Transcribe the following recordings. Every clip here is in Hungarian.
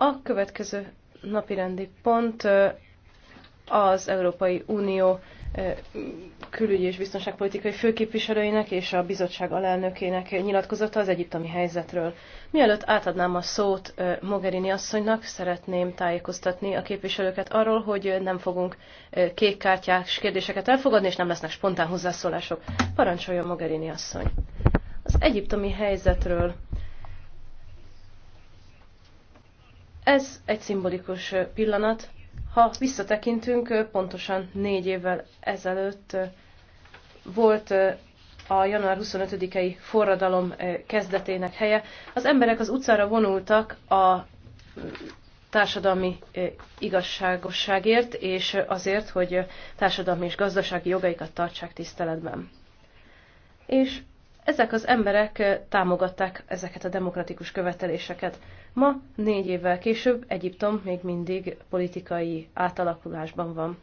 A következő napirendi pont az Európai Unió külügyi és biztonságpolitikai főképviselőinek és a bizottság alelnökének nyilatkozata az egyiptomi helyzetről. Mielőtt átadnám a szót Mogherini asszonynak, szeretném tájékoztatni a képviselőket arról, hogy nem fogunk kékkártyás kérdéseket elfogadni, és nem lesznek spontán hozzászólások. Parancsoljon Mogherini asszony! Az egyiptomi helyzetről Ez egy szimbolikus pillanat. Ha visszatekintünk, pontosan négy évvel ezelőtt volt a január 25-i forradalom kezdetének helye. Az emberek az utcára vonultak a társadalmi igazságosságért, és azért, hogy társadalmi és gazdasági jogaikat tartsák tiszteletben. És ezek az emberek támogatták ezeket a demokratikus követeléseket. Ma, négy évvel később Egyiptom még mindig politikai átalakulásban van.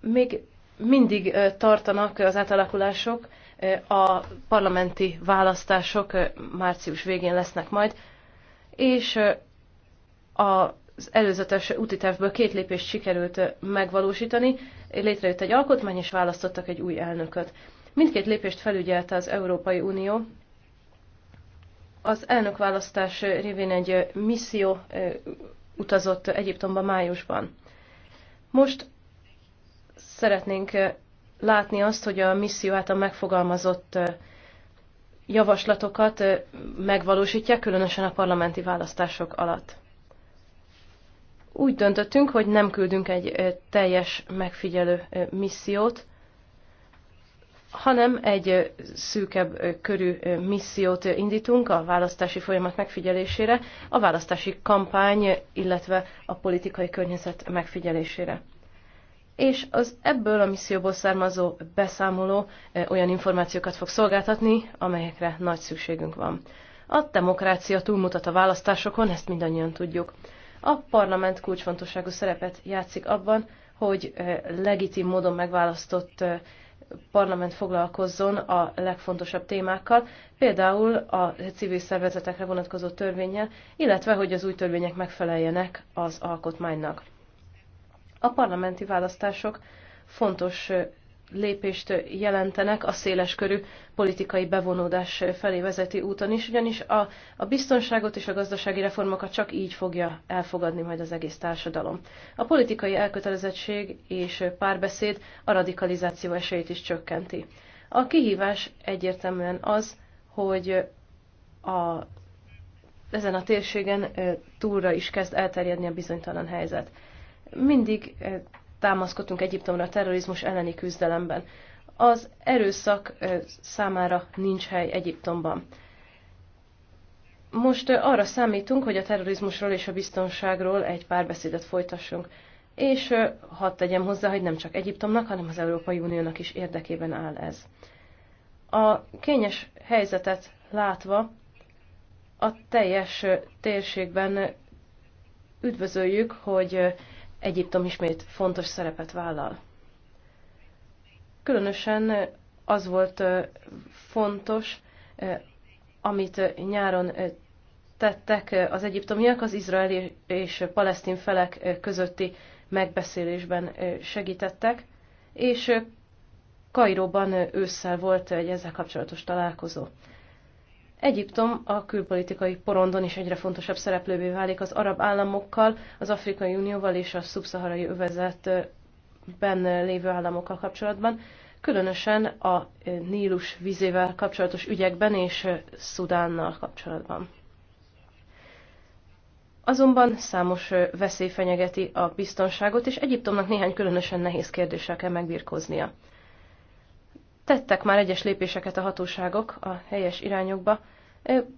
Még mindig tartanak az átalakulások, a parlamenti választások március végén lesznek majd, és az előzetes tervből két lépést sikerült megvalósítani, létrejött egy alkotmány, és választottak egy új elnököt. Mindkét lépést felügyelte az Európai Unió, az elnökválasztás révén egy misszió utazott Egyiptomba májusban. Most szeretnénk látni azt, hogy a misszió által megfogalmazott javaslatokat megvalósítják, különösen a parlamenti választások alatt. Úgy döntöttünk, hogy nem küldünk egy teljes megfigyelő missziót, hanem egy szűkebb körű missziót indítunk a választási folyamat megfigyelésére, a választási kampány, illetve a politikai környezet megfigyelésére. És az ebből a misszióból származó beszámoló olyan információkat fog szolgáltatni, amelyekre nagy szükségünk van. A demokrácia túlmutat a választásokon, ezt mindannyian tudjuk. A parlament kulcsfontosságú szerepet játszik abban, hogy legitim módon megválasztott parlament foglalkozzon a legfontosabb témákkal, például a civil szervezetekre vonatkozó törvényel, illetve hogy az új törvények megfeleljenek az alkotmánynak. A parlamenti választások fontos lépést jelentenek a széleskörű politikai bevonódás felé vezető úton is, ugyanis a, a biztonságot és a gazdasági reformokat csak így fogja elfogadni majd az egész társadalom. A politikai elkötelezettség és párbeszéd a radikalizáció esélyt is csökkenti. A kihívás egyértelműen az, hogy a, ezen a térségen túlra is kezd elterjedni a bizonytalan helyzet. Mindig támaszkodtunk Egyiptomra a terrorizmus elleni küzdelemben. Az erőszak számára nincs hely Egyiptomban. Most arra számítunk, hogy a terrorizmusról és a biztonságról egy párbeszédet folytassunk. És hadd tegyem hozzá, hogy nem csak Egyiptomnak, hanem az Európai Uniónak is érdekében áll ez. A kényes helyzetet látva a teljes térségben üdvözöljük, hogy Egyiptom ismét fontos szerepet vállal. Különösen az volt fontos, amit nyáron tettek az egyiptomiak az izraeli és palesztin felek közötti megbeszélésben segítettek, és Kairóban ősszel volt egy ezzel kapcsolatos találkozó. Egyiptom a külpolitikai porondon is egyre fontosabb szereplővé válik az arab államokkal, az Afrikai Unióval és a szubszaharai övezetben lévő államokkal kapcsolatban, különösen a Nílus vízével kapcsolatos ügyekben és Szudánnal kapcsolatban. Azonban számos veszély fenyegeti a biztonságot, és Egyiptomnak néhány különösen nehéz kérdéssel kell megbirkóznia. Tettek már egyes lépéseket a hatóságok a helyes irányokba,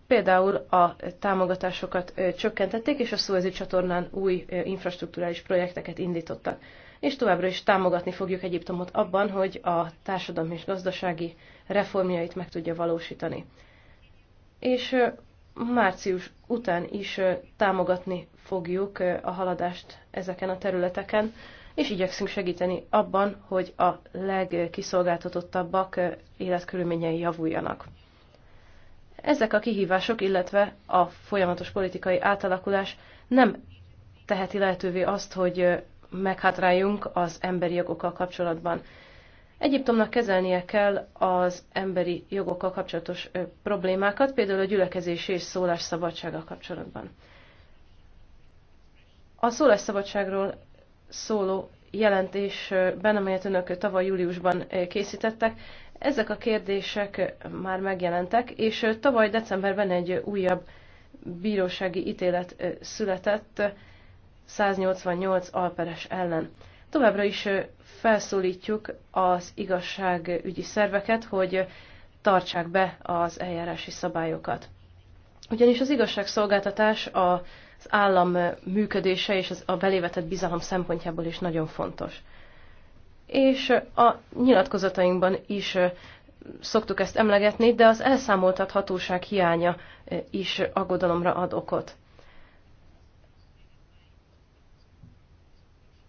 Például a támogatásokat csökkentették, és a Suezi csatornán új infrastruktúrális projekteket indítottak. És továbbra is támogatni fogjuk Egyiptomot abban, hogy a társadalmi és gazdasági reformjait meg tudja valósítani. És március után is támogatni fogjuk a haladást ezeken a területeken, és igyekszünk segíteni abban, hogy a legkiszolgáltatottabbak életkörülményei javuljanak. Ezek a kihívások, illetve a folyamatos politikai átalakulás nem teheti lehetővé azt, hogy meghátráljunk az emberi jogokkal kapcsolatban. Egyiptomnak kezelnie kell az emberi jogokkal kapcsolatos problémákat, például a gyülekezés és szólásszabadsága kapcsolatban. A szólásszabadságról szóló jelentésben, amelyet önök tavaly júliusban készítettek, ezek a kérdések már megjelentek, és tavaly decemberben egy újabb bírósági ítélet született 188 alperes ellen. Továbbra is felszólítjuk az igazságügyi szerveket, hogy tartsák be az eljárási szabályokat. Ugyanis az igazságszolgáltatás az állam működése és a belévetett bizalom szempontjából is nagyon fontos és a nyilatkozatainkban is szoktuk ezt emlegetni, de az elszámoltathatóság hiánya is aggodalomra ad okot.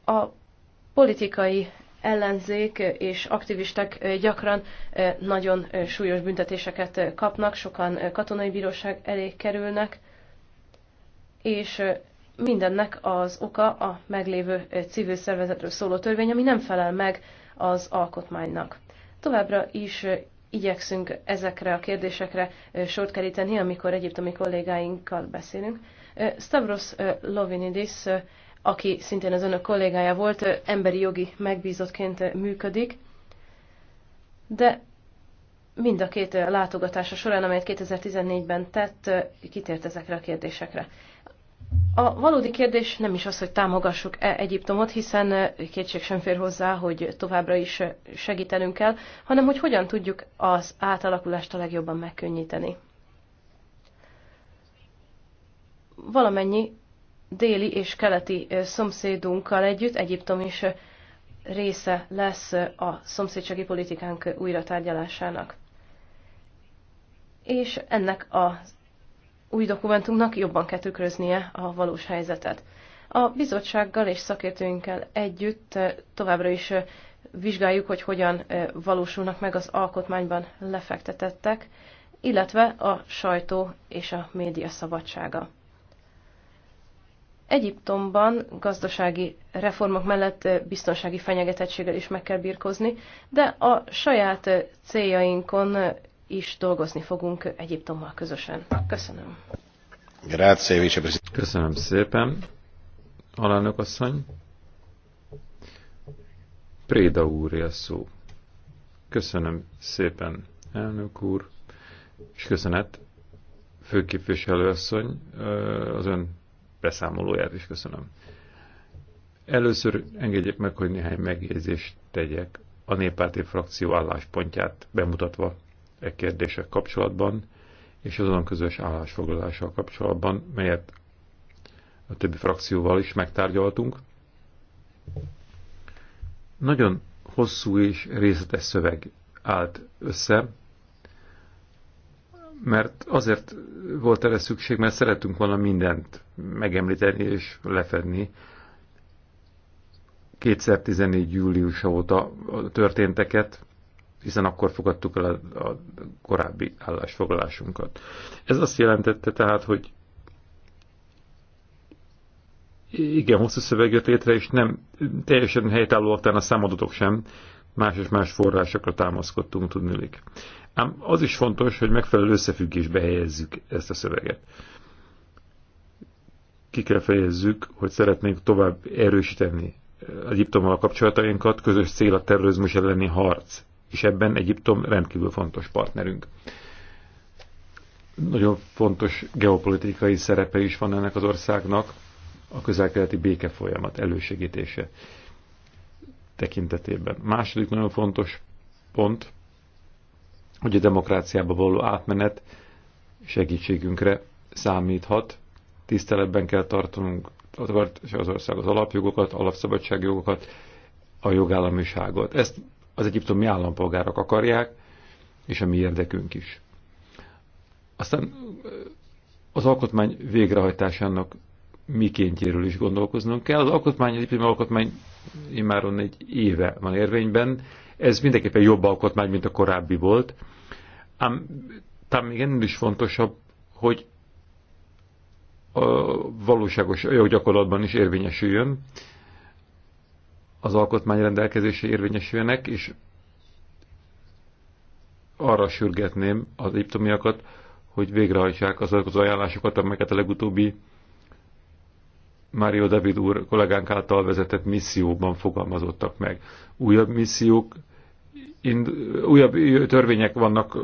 A politikai ellenzék és aktivisták gyakran nagyon súlyos büntetéseket kapnak, sokan katonai bíróság elé kerülnek, és Mindennek az oka a meglévő civil szervezetről szóló törvény, ami nem felel meg az alkotmánynak. Továbbra is igyekszünk ezekre a kérdésekre sort keríteni, amikor egyiptomi kollégáinkkal beszélünk. Stavros Lovinidis, aki szintén az önök kollégája volt, emberi jogi megbízottként működik, de mind a két látogatása során, amelyet 2014-ben tett, kitért ezekre a kérdésekre. A valódi kérdés nem is az, hogy támogassuk-e Egyiptomot, hiszen kétség sem fér hozzá, hogy továbbra is segítenünk kell, hanem hogy hogyan tudjuk az átalakulást a legjobban megkönnyíteni. Valamennyi déli és keleti szomszédunkkal együtt Egyiptom is része lesz a szomszédsági politikánk újratárgyalásának. És ennek az új dokumentumnak jobban kell tükröznie a valós helyzetet. A bizottsággal és szakértőinkkel együtt eh, továbbra is eh, vizsgáljuk, hogy hogyan eh, valósulnak meg az alkotmányban lefektetettek, illetve a sajtó és a média szabadsága. Egyiptomban gazdasági reformok mellett biztonsági fenyegetettséggel is meg kell birkozni, de a saját céljainkon is dolgozni fogunk Egyiptommal közösen. Köszönöm. Köszönöm szépen. Alelnök asszony. Préda úr a szó. Köszönöm szépen, elnök úr, és köszönet főképviselőasszony az ön beszámolóját is köszönöm. Először engedjék meg, hogy néhány megjegyzést tegyek a néppárti frakció álláspontját bemutatva e kérdések kapcsolatban, és azon közös állásfoglalással kapcsolatban, melyet a többi frakcióval is megtárgyaltunk. Nagyon hosszú és részletes szöveg állt össze, mert azért volt erre szükség, mert szeretünk volna mindent megemlíteni és lefedni. 2014. júliusa óta történteket, hiszen akkor fogadtuk el a, a korábbi állásfoglalásunkat. Ez azt jelentette tehát, hogy igen, hosszú szöveg jött létre, és nem teljesen helytálló, talán a számadatok sem, más és más forrásokra támaszkodtunk tudnélik. Ám az is fontos, hogy megfelelő összefüggésbe helyezzük ezt a szöveget. Ki kell fejezzük, hogy szeretnénk tovább erősíteni Egyiptommal a kapcsolatainkat, közös cél a terrorizmus elleni harc és ebben Egyiptom rendkívül fontos partnerünk. Nagyon fontos geopolitikai szerepe is van ennek az országnak, a közelkeleti béke folyamat elősegítése tekintetében. Második nagyon fontos pont, hogy a demokráciába való átmenet segítségünkre számíthat. Tiszteletben kell tartanunk az ország az alapjogokat, alapszabadságjogokat, a jogállamiságot. Ezt az egyiptomi állampolgárok akarják, és a mi érdekünk is. Aztán az alkotmány végrehajtásának mikéntjéről is gondolkoznunk kell. Az alkotmány, az egyiptomi alkotmány immáron egy éve van érvényben. Ez mindenképpen jobb alkotmány, mint a korábbi volt. Ám talán még ennél is fontosabb, hogy a valóságos joggyakorlatban is érvényesüljön az alkotmány rendelkezése érvényesüljenek, és arra sürgetném az egyiptomiakat, hogy végrehajtsák azokat az ajánlásokat, amelyeket a legutóbbi Mário David úr kollégánk által vezetett misszióban fogalmazottak meg. Újabb missziók újabb törvények vannak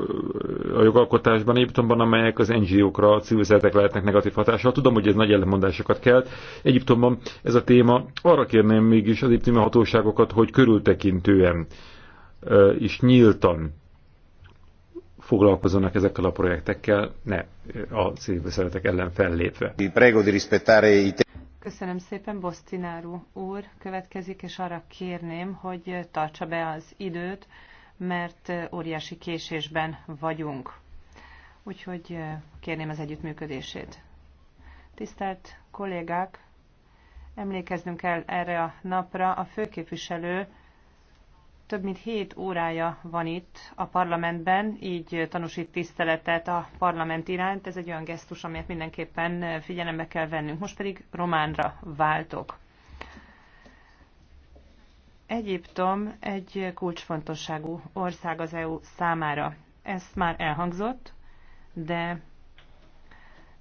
a jogalkotásban, Egyiptomban, amelyek az NGO-kra, a civil szeretek lehetnek negatív hatással. Tudom, hogy ez nagy ellenmondásokat kelt. Egyiptomban ez a téma. Arra kérném mégis az egyiptomi hatóságokat, hogy körültekintően és nyíltan foglalkozzanak ezekkel a projektekkel, ne a civil szeretek ellen fellépve. Köszönöm szépen, Bosztináru úr. Következik, és arra kérném, hogy tartsa be az időt, mert óriási késésben vagyunk. Úgyhogy kérném az együttműködését. Tisztelt kollégák, emlékeznünk kell erre a napra. A főképviselő több mint 7 órája van itt a parlamentben, így tanúsít tiszteletet a parlament iránt. Ez egy olyan gesztus, amelyet mindenképpen figyelembe kell vennünk. Most pedig románra váltok. Egyiptom egy kulcsfontosságú ország az EU számára. Ez már elhangzott, de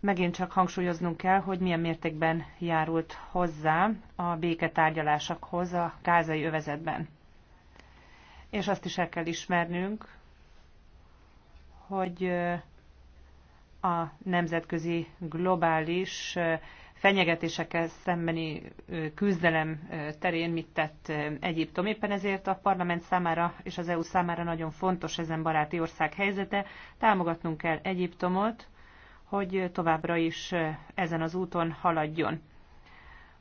megint csak hangsúlyoznunk kell, hogy milyen mértékben járult hozzá a béketárgyalásokhoz a gázai övezetben. És azt is el kell ismernünk, hogy a nemzetközi globális fenyegetésekkel szembeni küzdelem terén mit tett Egyiptom. Éppen ezért a parlament számára és az EU számára nagyon fontos ezen baráti ország helyzete. Támogatnunk kell Egyiptomot, hogy továbbra is ezen az úton haladjon.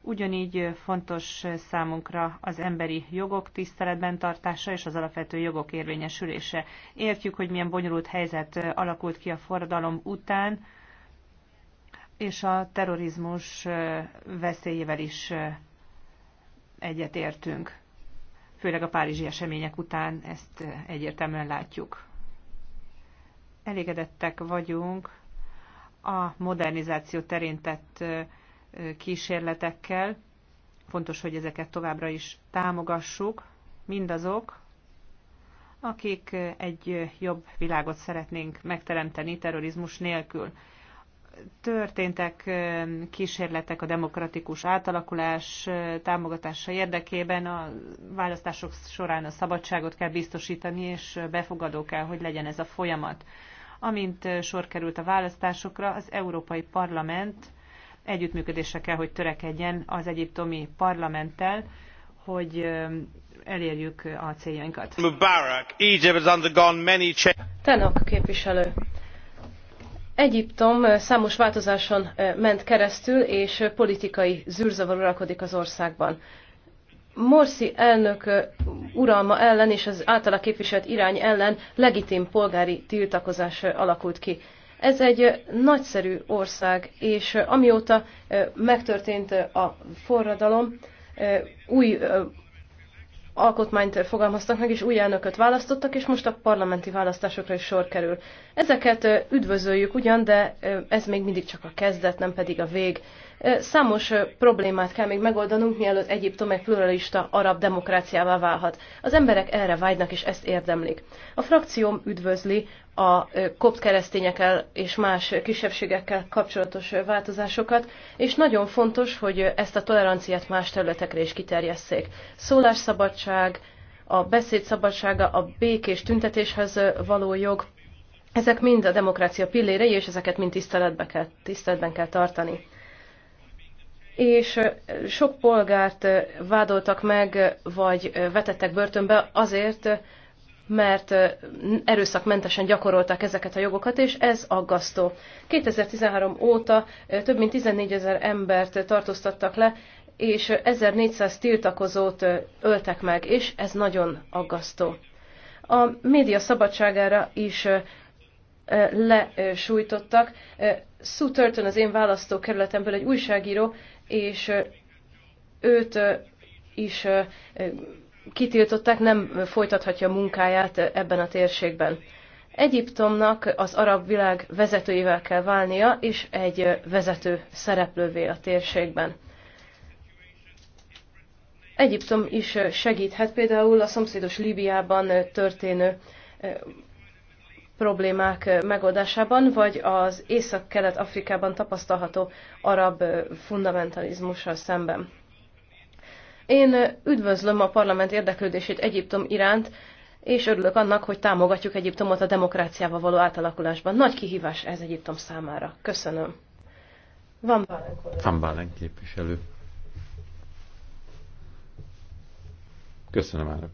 Ugyanígy fontos számunkra az emberi jogok tiszteletben tartása és az alapvető jogok érvényesülése. Értjük, hogy milyen bonyolult helyzet alakult ki a forradalom után, és a terrorizmus veszélyével is egyetértünk. Főleg a párizsi események után ezt egyértelműen látjuk. Elégedettek vagyunk a modernizáció terén kísérletekkel. Fontos, hogy ezeket továbbra is támogassuk. Mindazok, akik egy jobb világot szeretnénk megteremteni terrorizmus nélkül történtek kísérletek a demokratikus átalakulás támogatása érdekében. A választások során a szabadságot kell biztosítani, és befogadó kell, hogy legyen ez a folyamat. Amint sor került a választásokra, az Európai Parlament együttműködésre kell, hogy törekedjen az egyiptomi parlamenttel, hogy elérjük a céljainkat. Mubarak, Egypt has undergone many képviselő. Egyiptom számos változáson ment keresztül, és politikai zűrzavar uralkodik az országban. Morsi elnök uralma ellen és az általa képviselt irány ellen legitim polgári tiltakozás alakult ki. Ez egy nagyszerű ország, és amióta megtörtént a forradalom, új alkotmányt fogalmaztak meg, és új elnököt választottak, és most a parlamenti választásokra is sor kerül. Ezeket üdvözöljük ugyan, de ez még mindig csak a kezdet, nem pedig a vég. Számos problémát kell még megoldanunk, mielőtt Egyiptom egy pluralista arab demokráciává válhat. Az emberek erre vágynak, és ezt érdemlik. A frakcióm üdvözli a kopt keresztényekkel és más kisebbségekkel kapcsolatos változásokat, és nagyon fontos, hogy ezt a toleranciát más területekre is kiterjesszék. Szólásszabadság, a beszéd szabadsága, a békés tüntetéshez való jog, ezek mind a demokrácia pillérei, és ezeket mind tiszteletben kell, tiszteletben kell tartani és sok polgárt vádoltak meg, vagy vetettek börtönbe azért, mert erőszakmentesen gyakorolták ezeket a jogokat, és ez aggasztó. 2013 óta több mint 14 ezer embert tartóztattak le, és 1400 tiltakozót öltek meg, és ez nagyon aggasztó. A média szabadságára is lesújtottak. Sue Turton az én választókerületemből egy újságíró és őt is kitiltották, nem folytathatja munkáját ebben a térségben. Egyiptomnak az arab világ vezetőivel kell válnia, és egy vezető szereplővé a térségben. Egyiptom is segíthet például a szomszédos Líbiában történő problémák megoldásában, vagy az Észak-Kelet-Afrikában tapasztalható arab fundamentalizmussal szemben. Én üdvözlöm a parlament érdeklődését Egyiptom iránt, és örülök annak, hogy támogatjuk Egyiptomot a demokráciával való átalakulásban. Nagy kihívás ez Egyiptom számára. Köszönöm. Van Bálen Van Bálen képviselő. Köszönöm, elnök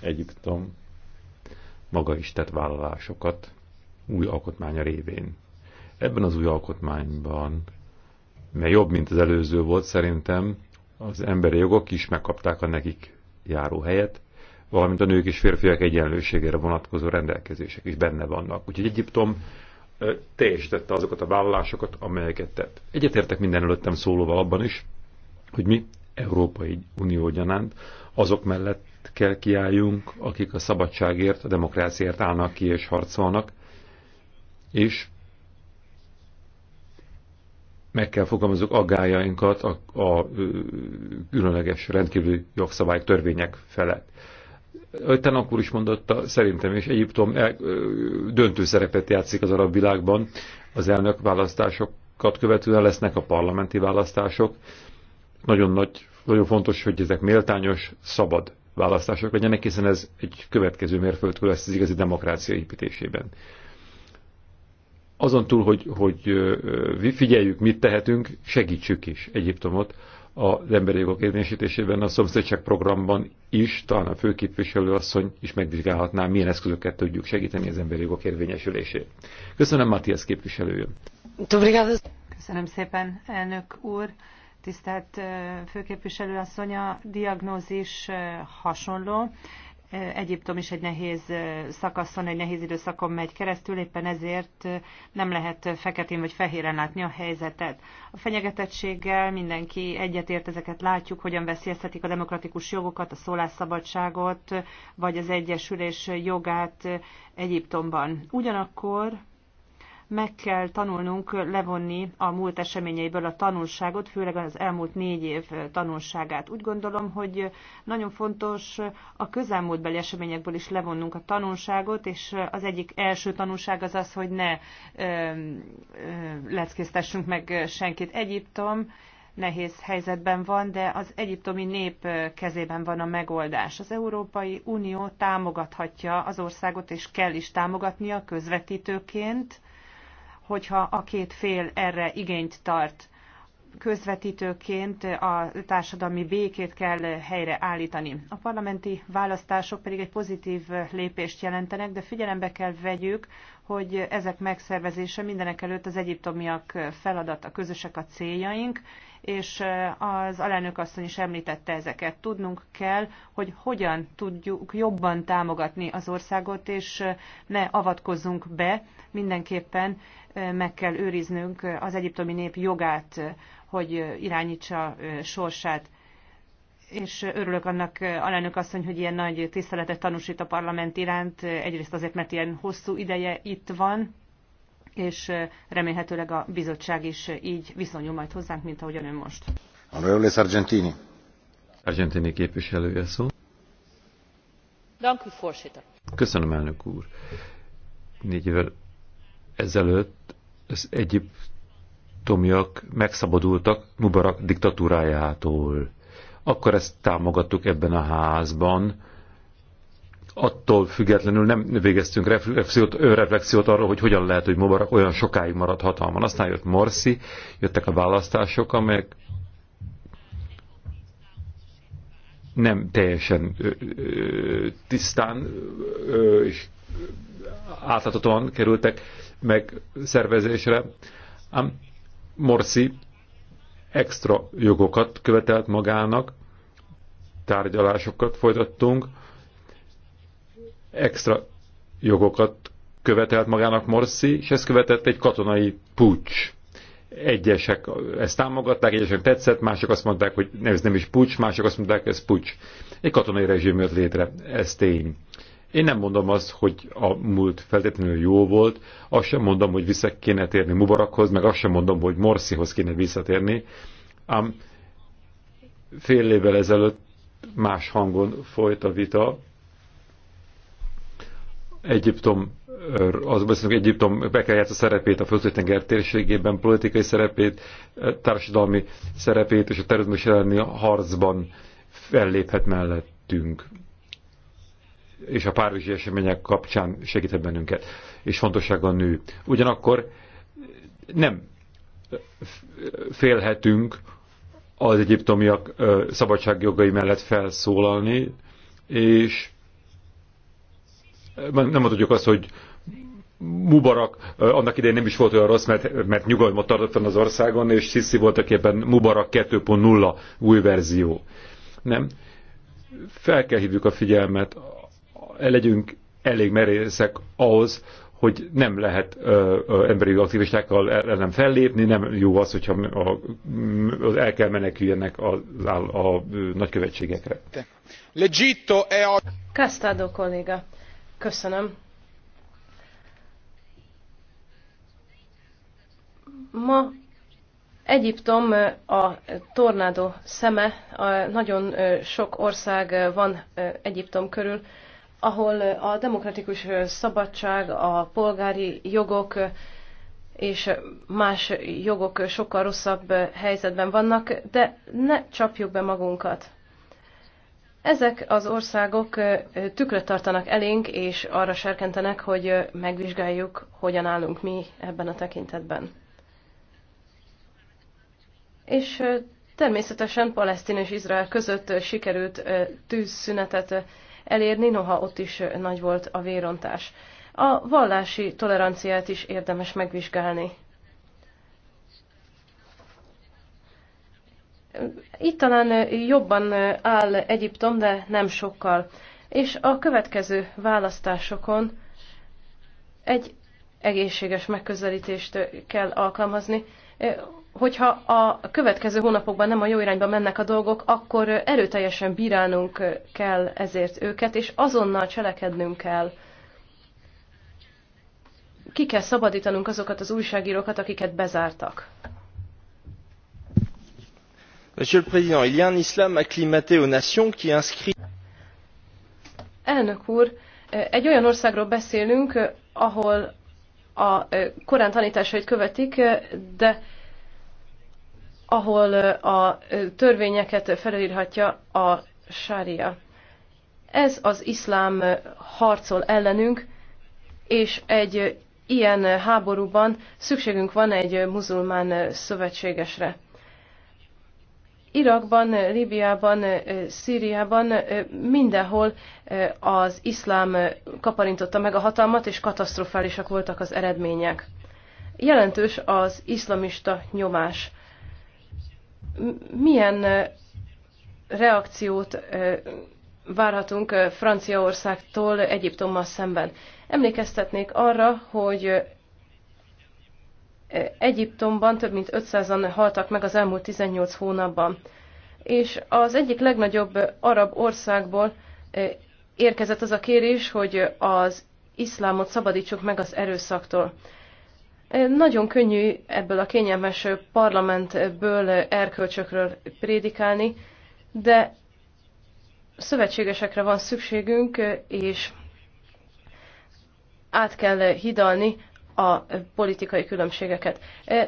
Egyiptom maga is tett vállalásokat új alkotmánya révén. Ebben az új alkotmányban, mely jobb, mint az előző volt szerintem, az emberi jogok is megkapták a nekik járó helyet, valamint a nők és férfiak egyenlőségére vonatkozó rendelkezések is benne vannak. Úgyhogy Egyiptom teljesítette azokat a vállalásokat, amelyeket tett. Egyetértek minden előttem szólóval abban is, hogy mi Európai Unió gyanánt azok mellett kell kiálljunk, akik a szabadságért, a demokráciáért állnak ki és harcolnak, és meg kell fogalmazunk aggájainkat a, a, a különleges rendkívüli jogszabályok, törvények felett. Ötten akkor is mondotta, szerintem és Egyiptom el, döntő szerepet játszik az arab világban. Az elnök választásokat követően lesznek a parlamenti választások. Nagyon nagy, nagyon fontos, hogy ezek méltányos, szabad választások legyenek, hiszen ez egy következő mérföldkő lesz az igazi demokrácia építésében. Azon túl, hogy, hogy figyeljük, mit tehetünk, segítsük is Egyiptomot az emberi jogok érvényesítésében, a szomszédság programban is, talán a főképviselő asszony is megvizsgálhatná, milyen eszközöket tudjuk segíteni az emberi jogok érvényesülését. Köszönöm, Matthias képviselő. Köszönöm szépen, elnök úr. Tisztelt főképviselő asszony, a diagnózis hasonló. Egyiptom is egy nehéz szakaszon, egy nehéz időszakon megy keresztül, éppen ezért nem lehet feketén vagy fehéren látni a helyzetet. A fenyegetettséggel mindenki egyetért, ezeket látjuk, hogyan veszélyeztetik a demokratikus jogokat, a szólásszabadságot, vagy az egyesülés jogát Egyiptomban. Ugyanakkor meg kell tanulnunk levonni a múlt eseményeiből a tanulságot, főleg az elmúlt négy év tanulságát. Úgy gondolom, hogy nagyon fontos a közelmúltbeli eseményekből is levonnunk a tanulságot, és az egyik első tanulság az az, hogy ne ö, ö, leckéztessünk meg senkit. Egyiptom nehéz helyzetben van, de az egyiptomi nép kezében van a megoldás. Az Európai Unió támogathatja az országot, és kell is támogatnia közvetítőként, hogyha a két fél erre igényt tart. Közvetítőként a társadalmi békét kell helyreállítani. A parlamenti választások pedig egy pozitív lépést jelentenek, de figyelembe kell vegyük, hogy ezek megszervezése mindenek előtt az egyiptomiak feladata, közösek a céljaink, és az alelnök asszony is említette ezeket. Tudnunk kell, hogy hogyan tudjuk jobban támogatni az országot, és ne avatkozzunk be, mindenképpen meg kell őriznünk az egyiptomi nép jogát, hogy irányítsa sorsát és örülök annak alelnök asszony, hogy ilyen nagy tiszteletet tanúsít a parlament iránt, egyrészt azért, mert ilyen hosszú ideje itt van, és remélhetőleg a bizottság is így viszonyul majd hozzánk, mint ahogyan ön most. Honorable Sargentini. Sargentini képviselője szó. Köszönöm, elnök úr. Négy évvel ezelőtt az egyiptomiak megszabadultak Mubarak diktatúrájától. Akkor ezt támogattuk ebben a házban, attól függetlenül nem végeztünk reflexiót, önreflexiót arról, hogy hogyan lehet, hogy Mubarak olyan sokáig maradt hatalman. Aztán jött Morsi, jöttek a választások, amelyek nem teljesen ö, ö, tisztán ö, és átláthatóan kerültek meg szervezésre, ám Morsi extra jogokat követelt magának, tárgyalásokat folytattunk, extra jogokat követelt magának Morsi, és ezt követett egy katonai pucs. Egyesek ezt támogatták, egyesek tetszett, mások azt mondták, hogy nem, ez nem is pucs, mások azt mondták, ez pucs. Egy katonai rezsim jött létre, ez tény. Én nem mondom azt, hogy a múlt feltétlenül jó volt, azt sem mondom, hogy vissza kéne térni Mubarakhoz, meg azt sem mondom, hogy Morsihoz kéne visszatérni, ám fél évvel ezelőtt más hangon folyt a vita, Egyiptom, az beszélünk, Egyiptom be kell a szerepét a Földtenger térségében, politikai szerepét, társadalmi szerepét és a terrorizmus elleni harcban felléphet mellettünk és a párizsi események kapcsán segíthet bennünket, és fontossággal nő. Ugyanakkor nem félhetünk az egyiptomiak szabadságjogai mellett felszólalni, és nem mondhatjuk azt, hogy Mubarak annak idején nem is volt olyan rossz, mert, mert nyugalmat tartott az országon, és Sisi voltak éppen Mubarak 2.0 új verzió. Nem? Fel kell hívjuk a figyelmet, legyünk elég merészek ahhoz, hogy nem lehet ö, ö, emberi aktivistákkal ellen fellépni, nem jó az, hogyha a, a, el kell meneküljenek a, a, a nagykövetségekre. L'Egitto Castado kolléga. Köszönöm. Ma Egyiptom a tornádó szeme, nagyon sok ország van Egyiptom körül, ahol a demokratikus szabadság, a polgári jogok és más jogok sokkal rosszabb helyzetben vannak, de ne csapjuk be magunkat. Ezek az országok tükröt tartanak elénk, és arra serkentenek, hogy megvizsgáljuk, hogyan állunk mi ebben a tekintetben. És természetesen Palesztin és Izrael között sikerült tűzszünetet elérni, noha ott is nagy volt a vérontás. A vallási toleranciát is érdemes megvizsgálni. Itt talán jobban áll Egyiptom, de nem sokkal. És a következő választásokon egy egészséges megközelítést kell alkalmazni. Hogyha a következő hónapokban nem a jó irányba mennek a dolgok, akkor erőteljesen bírálnunk kell ezért őket, és azonnal cselekednünk kell. Ki kell szabadítanunk azokat az újságírókat, akiket bezártak monsieur le président il y a un islam acclimaté aux nations qui inscrit. elnök úr egy olyan országról beszélünk ahol a e, korán tanításait követik de ahol e, a e, törvényeket felülírhatja a sária. Ez az iszlám harcol ellenünk, és egy ilyen háborúban szükségünk van egy muzulmán szövetségesre. Irakban, Líbiában, Szíriában mindenhol az iszlám kaparintotta meg a hatalmat, és katasztrofálisak voltak az eredmények. Jelentős az iszlamista nyomás. Milyen reakciót várhatunk Franciaországtól Egyiptommal szemben? Emlékeztetnék arra, hogy Egyiptomban több mint 500-an haltak meg az elmúlt 18 hónapban. És az egyik legnagyobb arab országból eh, érkezett az a kérés, hogy az iszlámot szabadítsuk meg az erőszaktól. Eh, nagyon könnyű ebből a kényelmes parlamentből erkölcsökről prédikálni, de szövetségesekre van szükségünk, eh, és át kell hidalni a politikai különbségeket.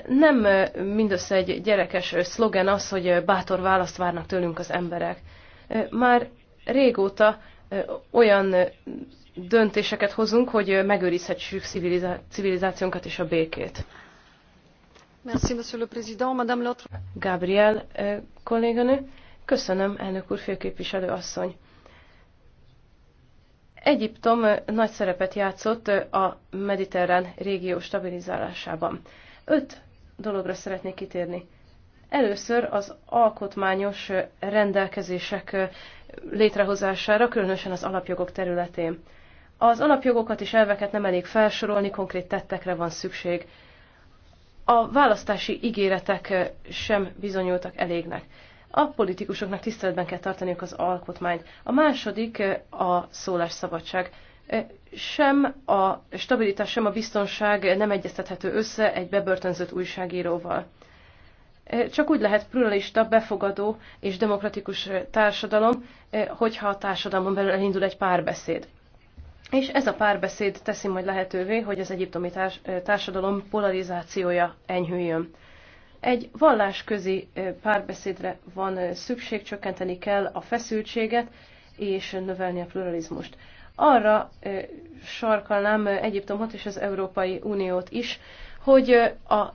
Nem mindössze egy gyerekes szlogen az, hogy bátor választ várnak tőlünk az emberek. Már régóta olyan döntéseket hozunk, hogy megőrizhetjük civilizációnkat és a békét. Merci, monsieur le président, madame Gabriel kolléganő, köszönöm, elnök úr, főképviselő asszony. Egyiptom nagy szerepet játszott a mediterrán régió stabilizálásában. Öt dologra szeretnék kitérni. Először az alkotmányos rendelkezések létrehozására, különösen az alapjogok területén. Az alapjogokat és elveket nem elég felsorolni, konkrét tettekre van szükség. A választási ígéretek sem bizonyultak elégnek a politikusoknak tiszteletben kell tartaniuk az alkotmányt. A második a szólásszabadság. Sem a stabilitás, sem a biztonság nem egyeztethető össze egy bebörtönzött újságíróval. Csak úgy lehet pluralista, befogadó és demokratikus társadalom, hogyha a társadalmon belül elindul egy párbeszéd. És ez a párbeszéd teszi majd lehetővé, hogy az egyiptomi társadalom polarizációja enyhüljön. Egy vallásközi párbeszédre van szükség, csökkenteni kell a feszültséget és növelni a pluralizmust. Arra sarkalnám Egyiptomot és az Európai Uniót is, hogy a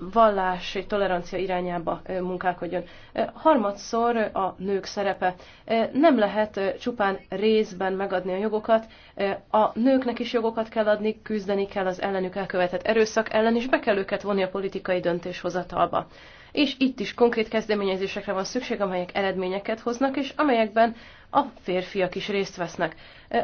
vallási tolerancia irányába munkálkodjon. Harmadszor a nők szerepe. Nem lehet csupán részben megadni a jogokat, a nőknek is jogokat kell adni, küzdeni kell az ellenük elkövetett erőszak ellen, és be kell őket vonni a politikai döntéshozatalba. És itt is konkrét kezdeményezésekre van szükség, amelyek eredményeket hoznak, és amelyekben a férfiak is részt vesznek.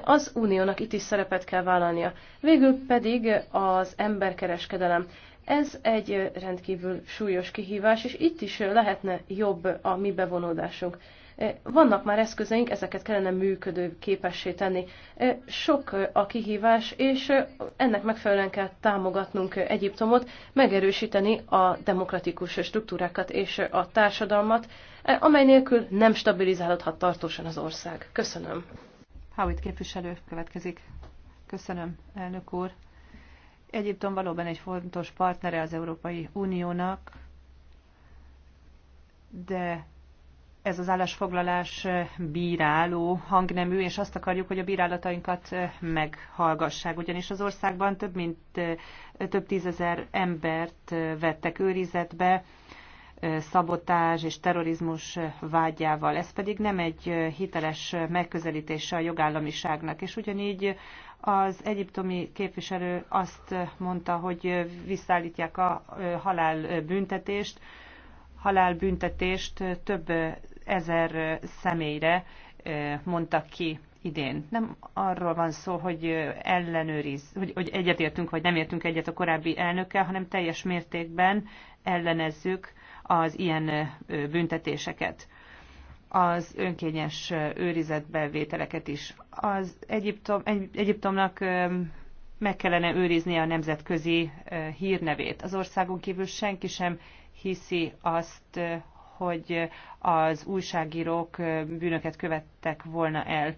Az uniónak itt is szerepet kell vállalnia. Végül pedig az emberkereskedelem. Ez egy rendkívül súlyos kihívás, és itt is lehetne jobb a mi bevonódásunk. Vannak már eszközeink, ezeket kellene működő képessé tenni. Sok a kihívás, és ennek megfelelően kell támogatnunk Egyiptomot, megerősíteni a demokratikus struktúrákat és a társadalmat, amely nélkül nem stabilizálódhat tartósan az ország. Köszönöm. Howitt képviselő következik. Köszönöm, elnök úr. Egyiptom valóban egy fontos partnere az Európai Uniónak, de ez az állásfoglalás bíráló hangnemű, és azt akarjuk, hogy a bírálatainkat meghallgassák, ugyanis az országban több mint több tízezer embert vettek őrizetbe, szabotás és terrorizmus vágyával. Ez pedig nem egy hiteles megközelítése a jogállamiságnak, és ugyanígy az egyiptomi képviselő azt mondta, hogy visszaállítják a halálbüntetést, halálbüntetést több ezer személyre mondtak ki idén. Nem arról van szó, hogy ellenőriz, hogy, hogy egyetértünk vagy nem értünk egyet a korábbi elnökkel, hanem teljes mértékben ellenezzük az ilyen büntetéseket az önkényes őrizetbevételeket is. Az Egyiptom, Egyiptomnak meg kellene őriznie a nemzetközi hírnevét. Az országon kívül senki sem hiszi azt, hogy az újságírók bűnöket követtek volna el.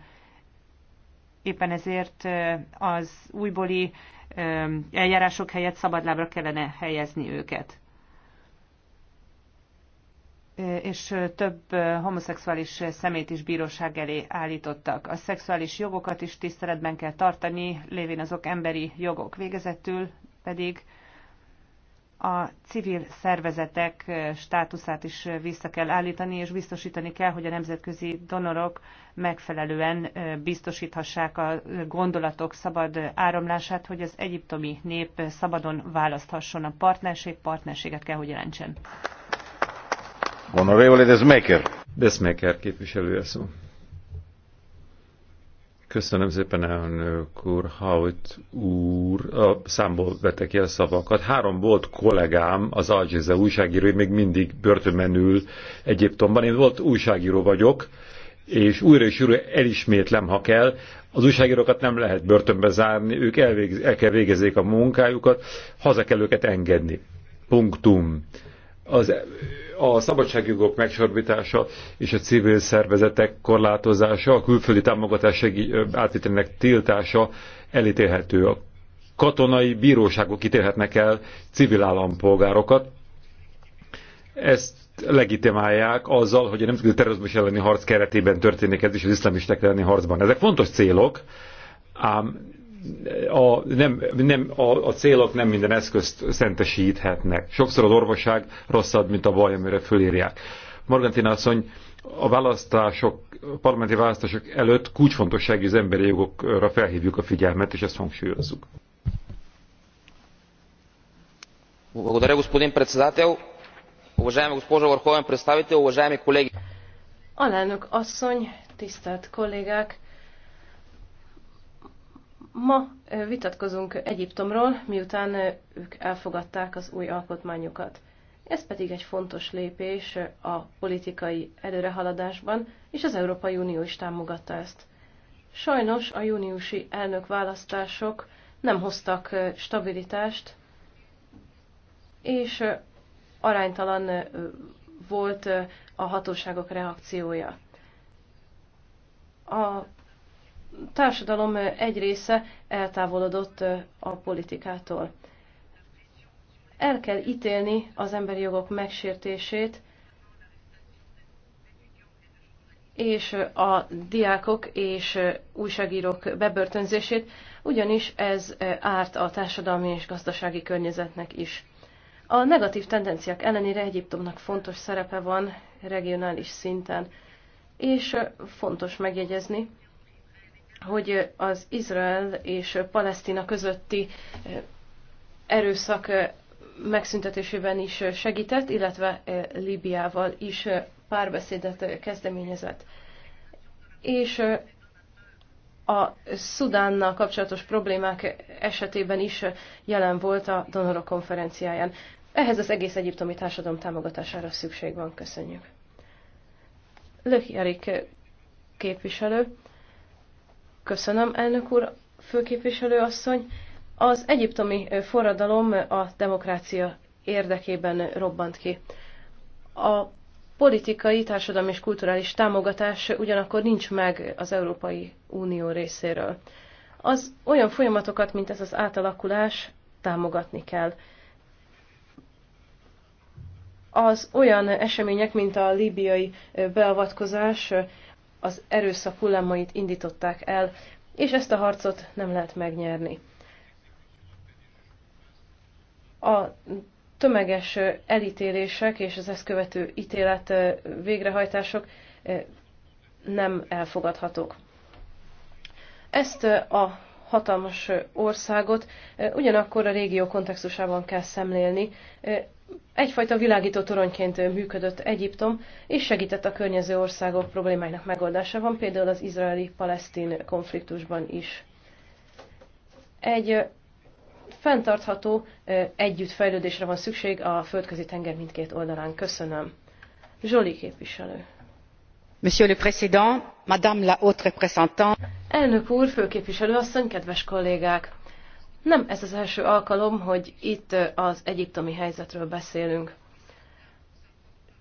Éppen ezért az újbóli eljárások helyett szabadlábra kellene helyezni őket és több homoszexuális szemét is bíróság elé állítottak. A szexuális jogokat is tiszteletben kell tartani, lévén azok emberi jogok. Végezetül pedig a civil szervezetek státuszát is vissza kell állítani, és biztosítani kell, hogy a nemzetközi donorok megfelelően biztosíthassák a gondolatok szabad áramlását, hogy az egyiptomi nép szabadon választhasson a partnerség, partnerséget kell, hogy jelentsen. Honorevole Desmaker. Desmaker képviselő szó. Köszönöm szépen, elnök úr, Haut úr, a számból vette ki a szavakat. Három volt kollégám, az Al Jazeera újságíró, még mindig börtönben ül Egyiptomban. Én volt újságíró vagyok, és újra és újra elismétlem, ha kell. Az újságírókat nem lehet börtönbe zárni, ők elvégez, el kell végezzék a munkájukat, haza kell őket engedni. Punktum az, a szabadságjogok megsorbítása és a civil szervezetek korlátozása, a külföldi támogatás átvételének tiltása elítélhető. A katonai bíróságok ítélhetnek el civil állampolgárokat. Ezt legitimálják azzal, hogy a nemzetközi terrorizmus elleni harc keretében történik ez is az iszlamisták elleni harcban. Ezek fontos célok, ám a, nem, nem, a, a célok nem minden eszközt szentesíthetnek. Sokszor az orvosság rosszabb, mint a baj, amire fölírják. Morgantina asszony, a választások, a parlamenti választások előtt kulcsfontosságú az emberi jogokra felhívjuk a figyelmet, és ezt hangsúlyozzuk. Alelnök asszony, tisztelt kollégák! Ma vitatkozunk Egyiptomról, miután ők elfogadták az új alkotmányukat. Ez pedig egy fontos lépés a politikai előrehaladásban, és az Európai Unió is támogatta ezt. Sajnos a júniusi elnökválasztások nem hoztak stabilitást, és aránytalan volt a hatóságok reakciója. A társadalom egy része eltávolodott a politikától. El kell ítélni az emberi jogok megsértését, és a diákok és újságírók bebörtönzését, ugyanis ez árt a társadalmi és gazdasági környezetnek is. A negatív tendenciák ellenére Egyiptomnak fontos szerepe van regionális szinten, és fontos megjegyezni, hogy az Izrael és Palesztina közötti erőszak megszüntetésében is segített, illetve Líbiával is párbeszédet kezdeményezett. És a Szudánnal kapcsolatos problémák esetében is jelen volt a donorok konferenciáján. Ehhez az egész egyiptomi társadalom támogatására szükség van. Köszönjük. Löhjarik képviselő. Köszönöm, elnök úr, főképviselő asszony. Az egyiptomi forradalom a demokrácia érdekében robbant ki. A politikai, társadalmi és kulturális támogatás ugyanakkor nincs meg az Európai Unió részéről. Az olyan folyamatokat, mint ez az átalakulás, támogatni kell. Az olyan események, mint a líbiai beavatkozás, az erőszak hullámait indították el, és ezt a harcot nem lehet megnyerni. A tömeges elítélések és az ezt követő ítélet végrehajtások nem elfogadhatók. Ezt a hatalmas országot ugyanakkor a régió kontextusában kell szemlélni, egyfajta világító toronyként működött Egyiptom, és segített a környező országok problémáinak megoldásában, például az izraeli-palesztin konfliktusban is. Egy fenntartható együttfejlődésre van szükség a földközi tenger mindkét oldalán. Köszönöm. Zsoli képviselő. Monsieur le Président, Madame la Haute Représentante. Elnök úr, főképviselő asszony, kedves kollégák! Nem ez az első alkalom, hogy itt az egyiptomi helyzetről beszélünk.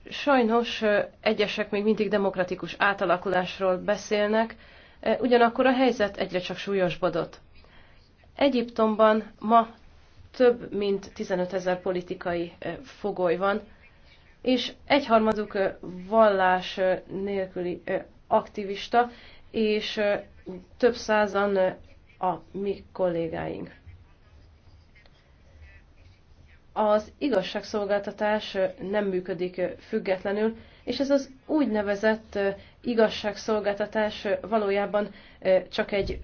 Sajnos egyesek még mindig demokratikus átalakulásról beszélnek, ugyanakkor a helyzet egyre csak súlyosbodott. Egyiptomban ma több mint 15 ezer politikai fogoly van, és egyharmaduk vallás nélküli aktivista, és több százan a mi kollégáink az igazságszolgáltatás nem működik függetlenül, és ez az úgynevezett igazságszolgáltatás valójában csak egy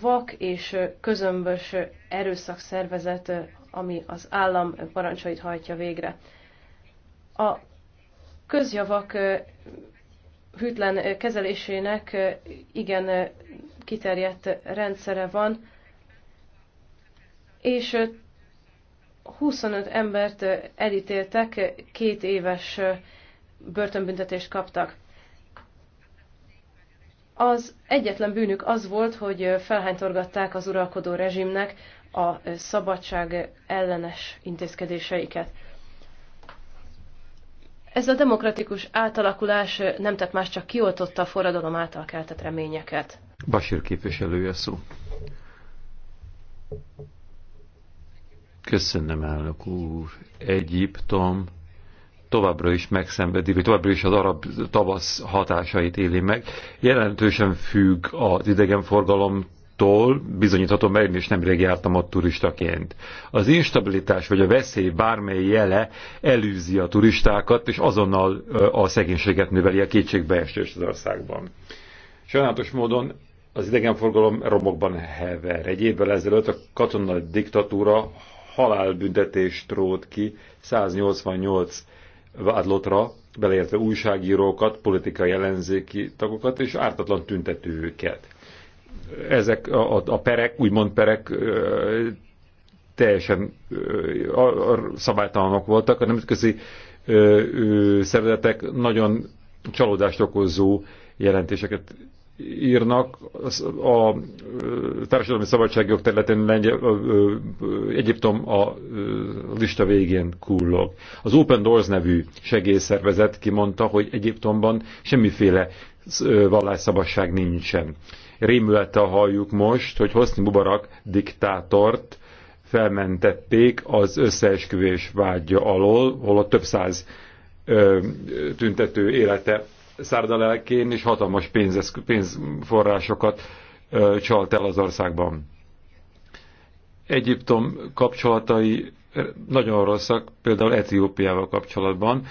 vak és közömbös erőszakszervezet, ami az állam parancsait hajtja végre. A közjavak hűtlen kezelésének igen kiterjedt rendszere van, és 25 embert elítéltek, két éves börtönbüntetést kaptak. Az egyetlen bűnük az volt, hogy felhánytorgatták az uralkodó rezsimnek a szabadság ellenes intézkedéseiket. Ez a demokratikus átalakulás nem tett más, csak kioltotta a forradalom által keltett reményeket. Basír képviselője szó. Köszönöm, elnök úr. Egyiptom továbbra is megszenvedi, vagy továbbra is az arab tavasz hatásait éli meg. Jelentősen függ az idegenforgalomtól, bizonyítható, mert én is nemrég jártam ott turistaként. Az instabilitás vagy a veszély bármely jele elűzi a turistákat, és azonnal a szegénységet növeli a kétségbeesést az országban. Sajnálatos módon az idegenforgalom romokban hever. Egy évvel ezelőtt a katona diktatúra halálbüntetést rót ki 188 vádlotra, beleértve újságírókat, politikai ellenzéki tagokat és ártatlan tüntetőket. Ezek a, a, a perek, úgymond perek teljesen szabálytalanok voltak. A nemzetközi szervezetek nagyon csalódást okozó jelentéseket írnak a társadalmi szabadságjog területén Egyiptom a lista végén kullog. Az Open Doors nevű segélyszervezet kimondta, hogy Egyiptomban semmiféle vallásszabadság nincsen. Rémülettel halljuk most, hogy Hosni Mubarak diktátort felmentették az összeesküvés vágya alól, hol a több száz tüntető élete szárda lelkén és hatalmas pénzesz, pénzforrásokat ö, csalt el az országban. Egyiptom kapcsolatai nagyon rosszak, például Etiópiával kapcsolatban.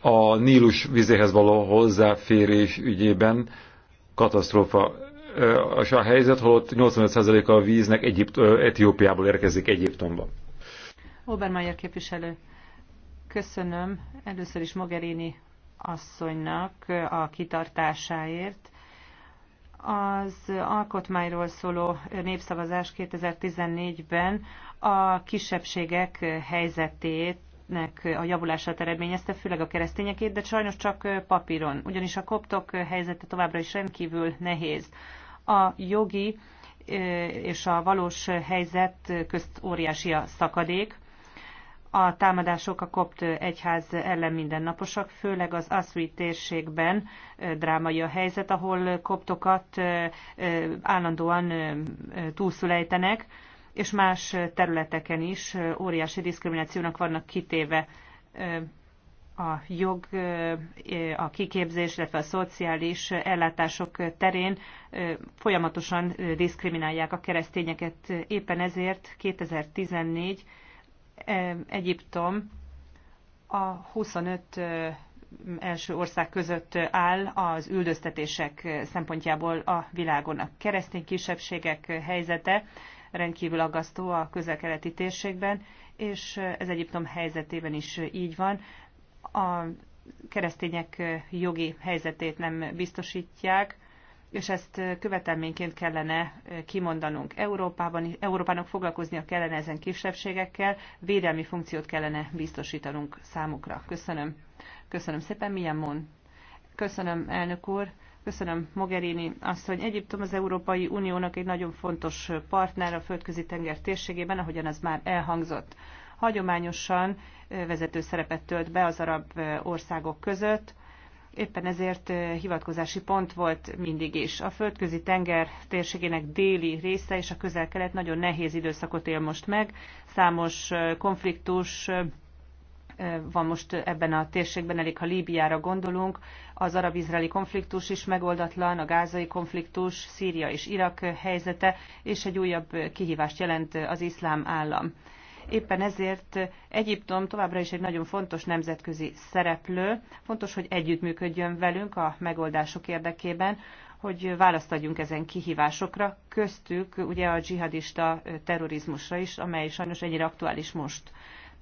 A Nílus vizéhez való hozzáférés ügyében katasztrófa és a helyzet, holott 85%-a a víznek Egyipt, Etiópiából érkezik Egyiptomba. Obermeier képviselő, köszönöm. Először is Mogherini asszonynak a kitartásáért. Az alkotmányról szóló népszavazás 2014-ben a kisebbségek helyzetét nek a javulását eredményezte, főleg a keresztényekét, de sajnos csak papíron, ugyanis a koptok helyzete továbbra is rendkívül nehéz. A jogi eh, és a valós helyzet közt óriási a szakadék, a támadások a kopt egyház ellen mindennaposak, főleg az Aszri térségben drámai a helyzet, ahol koptokat állandóan túlszulejtenek, és más területeken is óriási diszkriminációnak vannak kitéve a jog, a kiképzés, illetve a szociális ellátások terén folyamatosan diszkriminálják a keresztényeket. Éppen ezért 2014 Egyiptom a 25 első ország között áll az üldöztetések szempontjából a világon. A keresztény kisebbségek helyzete rendkívül aggasztó a közelkeleti térségben, és ez Egyiptom helyzetében is így van. A keresztények jogi helyzetét nem biztosítják, és ezt követelményként kellene kimondanunk. Európában, Európának foglalkoznia kellene ezen kisebbségekkel, védelmi funkciót kellene biztosítanunk számukra. Köszönöm. Köszönöm szépen, Milyen mond. Köszönöm, elnök úr. Köszönöm, Mogherini asszony. Egyiptom az Európai Uniónak egy nagyon fontos partner a földközi tenger térségében, ahogyan az már elhangzott. Hagyományosan vezető szerepet tölt be az arab országok között, éppen ezért hivatkozási pont volt mindig is. A földközi tenger térségének déli része és a közel-kelet nagyon nehéz időszakot él most meg. Számos konfliktus van most ebben a térségben, elég ha Líbiára gondolunk, az arab-izraeli konfliktus is megoldatlan, a gázai konfliktus, Szíria és Irak helyzete, és egy újabb kihívást jelent az iszlám állam. Éppen ezért Egyiptom továbbra is egy nagyon fontos nemzetközi szereplő. Fontos, hogy együttműködjön velünk a megoldások érdekében, hogy választ adjunk ezen kihívásokra, köztük ugye a dzsihadista terrorizmusra is, amely sajnos ennyire aktuális most.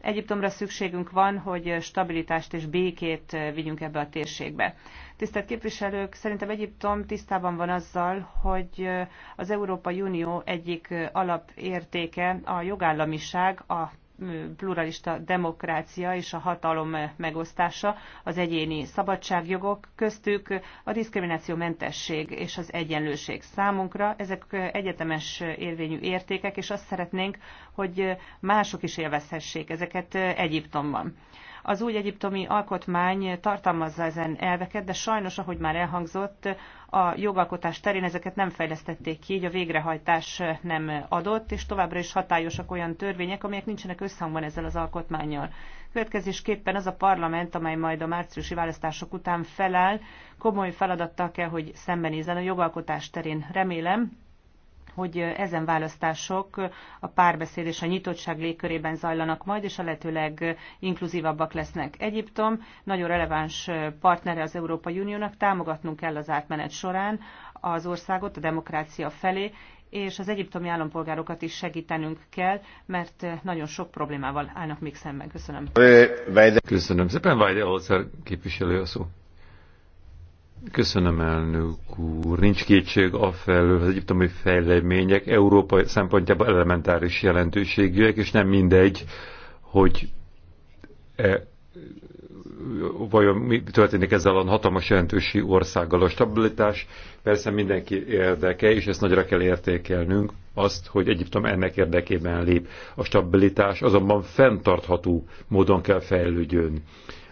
Egyiptomra szükségünk van, hogy stabilitást és békét vigyünk ebbe a térségbe. Tisztelt képviselők, szerintem Egyiptom tisztában van azzal, hogy az Európai Unió egyik alapértéke a jogállamiság, a pluralista demokrácia és a hatalom megosztása, az egyéni szabadságjogok köztük, a mentesség és az egyenlőség számunkra. Ezek egyetemes érvényű értékek, és azt szeretnénk, hogy mások is élvezhessék ezeket Egyiptomban. Az új egyiptomi alkotmány tartalmazza ezen elveket, de sajnos, ahogy már elhangzott, a jogalkotás terén ezeket nem fejlesztették ki, így a végrehajtás nem adott, és továbbra is hatályosak olyan törvények, amelyek nincsenek összhangban ezzel az alkotmányjal. Következésképpen az a parlament, amely majd a márciusi választások után feláll, komoly feladattal kell, hogy szembenézzen a jogalkotás terén. Remélem, hogy ezen választások a párbeszéd és a nyitottság légkörében zajlanak majd, és a lehetőleg inkluzívabbak lesznek. Egyiptom nagyon releváns partnere az Európai Uniónak, támogatnunk kell az átmenet során az országot a demokrácia felé, és az egyiptomi állampolgárokat is segítenünk kell, mert nagyon sok problémával állnak még szemben. Köszönöm. Köszönöm szépen, Vajde Holzer képviselő a szó. Köszönöm, elnök úr. Nincs kétség afelől, az egyiptomi fejlemények Európa szempontjából elementáris jelentőségűek, és nem mindegy, hogy e, vajon mi történik ezzel a hatalmas jelentősi országgal. A stabilitás persze mindenki érdeke, és ezt nagyra kell értékelnünk, azt, hogy Egyiptom ennek érdekében lép. A stabilitás azonban fenntartható módon kell fejlődjön